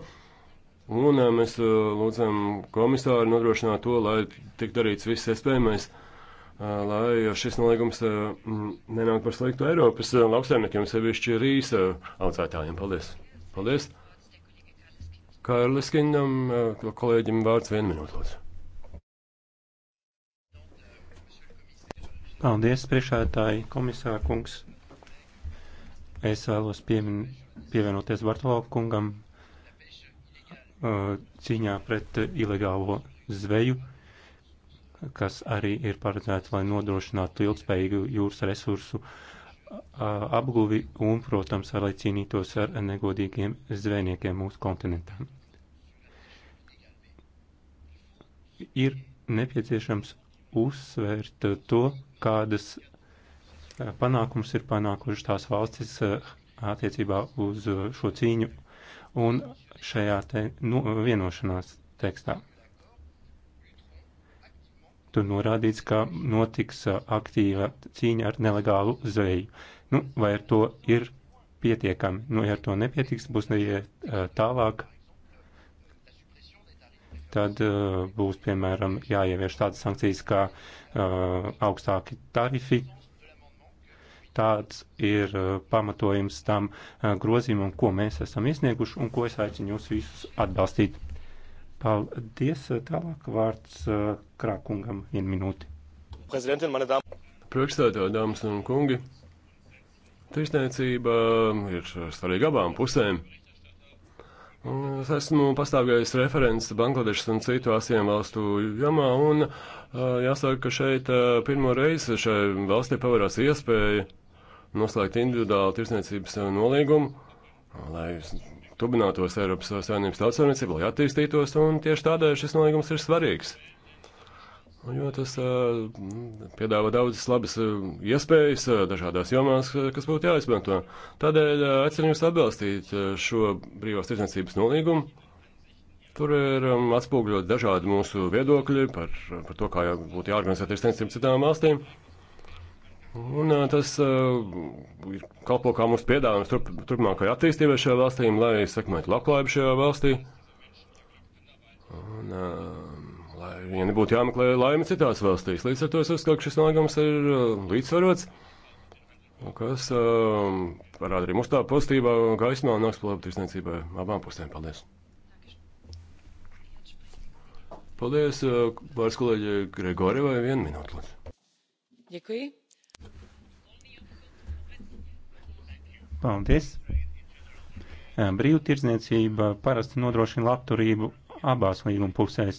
Un mēs lūdzam komisāru nodrošināt to, lai tik darīts viss iespējamais, lai šis nolīgums nenāk par sliktu Eiropas lauksaimniekiem, sevišķi rīsa audzētājiem. Paldies! Paldies! Kārlis Kingam, kolēģim vārds vienu minūtu lūdzu. Paldies, priekšētāji, komisāra kungs. Es vēlos piemin, pievienoties Bartolo kungam cīņā pret ilegālo zveju, kas arī ir paredzēts, lai nodrošinātu ilgspējīgu jūras resursu apguvi un, protams, lai cīnītos ar negodīgiem zvejniekiem mūsu kontinentā. Ir nepieciešams uzsvērt to, kādas panākums ir panākušas tās valstis attiecībā uz šo cīņu un šajā te, nu, vienošanās tekstā. Tur norādīts, ka notiks aktīva cīņa ar nelegālu zveju. Nu, vai ar to ir pietiekami? Nu, ja ar to nepietiks, būs neiet tālāk. Tad uh, būs, piemēram, jāievieš tādas sankcijas kā uh, augstāki tarifi, uh, tāds ir uh, pamatojums tam uh, grozījumam, ko mēs esam iesnieguši un ko es aicinu jūs visus atbalstīt. Paldies. Uh, tālāk vārds Krākungam vienu minūti. Prezidentin, mani dāmas. Priekšstādā, dāmas un kungi. Tirsniecība ir svarīga abām pusēm. Es esmu pastāvīgais referents Bangladešas un citu asiem valstu jomā, un jāsaka, ka šeit pirmo reizi šai valstī pavarās iespēja noslēgt individuālu tirsniecības eh, nolīgumu, lai tubinātos Eiropas Savienības tautsavniecību, lai attīstītos, un tieši tādēļ šis nolīgums ir svarīgs. Jo tas eh, piedāvā daudzas labas eh, iespējas dažādās jomās, kas būtu jāizmanto. Tādēļ aicinu jūs atbalstīt šo brīvās tirsniecības nolīgumu. Tur ir atspūgļot dažādi mūsu viedokļi par, par to, kā būtu jāorganizē tirsniecība citām valstīm. Un tas uh, kalpo kā mūsu piedāvājums turp, turpmākajai attīstībai šajā valstī, lai sekmētu labklājību šajā valstī. Un, uh, lai ja nebūtu jāmeklē laime citās valstīs. Līdz ar to es uzskatu, ka šis nolīgums ir uh, līdzsvarots, kas uh, parāda arī mūsu tā pozitīvā gaismā un nāks labu tirsniecībai abām pusēm. Paldies! Paldies, uh, vārds kolēģi Gregori, vai vienu minūtu, lūdzu. Děkuji Paldies! Brīvtirdzniecība parasti nodrošina labturību abās līguma pusēs.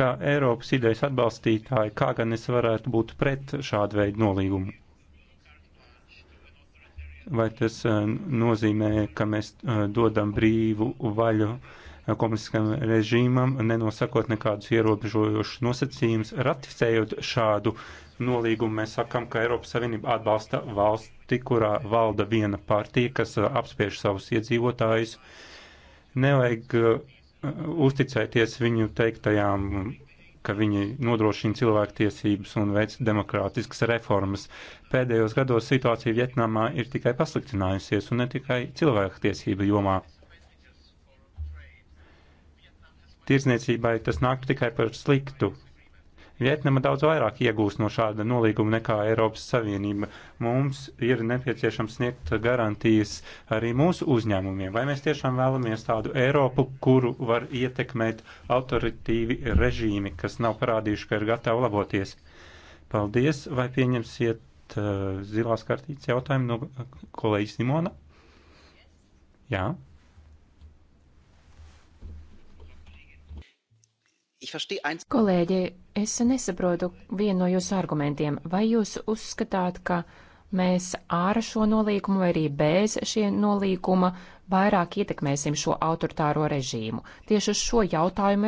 Kā Eiropas idejas atbalstītāji, kā gan es varētu būt pret šādu veidu nolīgumu? Vai tas nozīmē, ka mēs dodam brīvu vaļu uh, komunistiskam režīmam, nenosakot nekādus ierobežojošus nosacījumus. Ratificējot šādu nolīgumu, mēs sakam, ka Eiropas Savienība atbalsta valsti, kurā valda viena partija, kas uh, apspiež savus iedzīvotājus. Nevajag uh, uzticēties viņu teiktajām ka viņi nodrošina cilvēktiesības un veic demokrātiskas reformas. Pēdējos gados situācija Vietnamā ir tikai pasliktinājusies un ne tikai cilvēktiesība jomā. tirzniecībai tas nāktu tikai par sliktu. Vietnama daudz vairāk iegūst no šāda nolīguma nekā Eiropas Savienība. Mums ir nepieciešams sniegt garantijas arī mūsu uzņēmumiem. Vai mēs tiešām vēlamies tādu Eiropu, kuru var ietekmēt autoritīvi režīmi, kas nav parādījuši, ka ir gatavi laboties? Paldies, vai pieņemsiet uh, zilās kartītes jautājumu no kolēģis Simona? Jā. Kolēģi, es nesaprotu vienu no jūsu argumentiem. Vai jūs uzskatāt, ka mēs ārā šo nolīkumu vai arī bez šie nolīkuma vairāk ietekmēsim šo autoritāro režīmu? Tieši uz šo jautājumu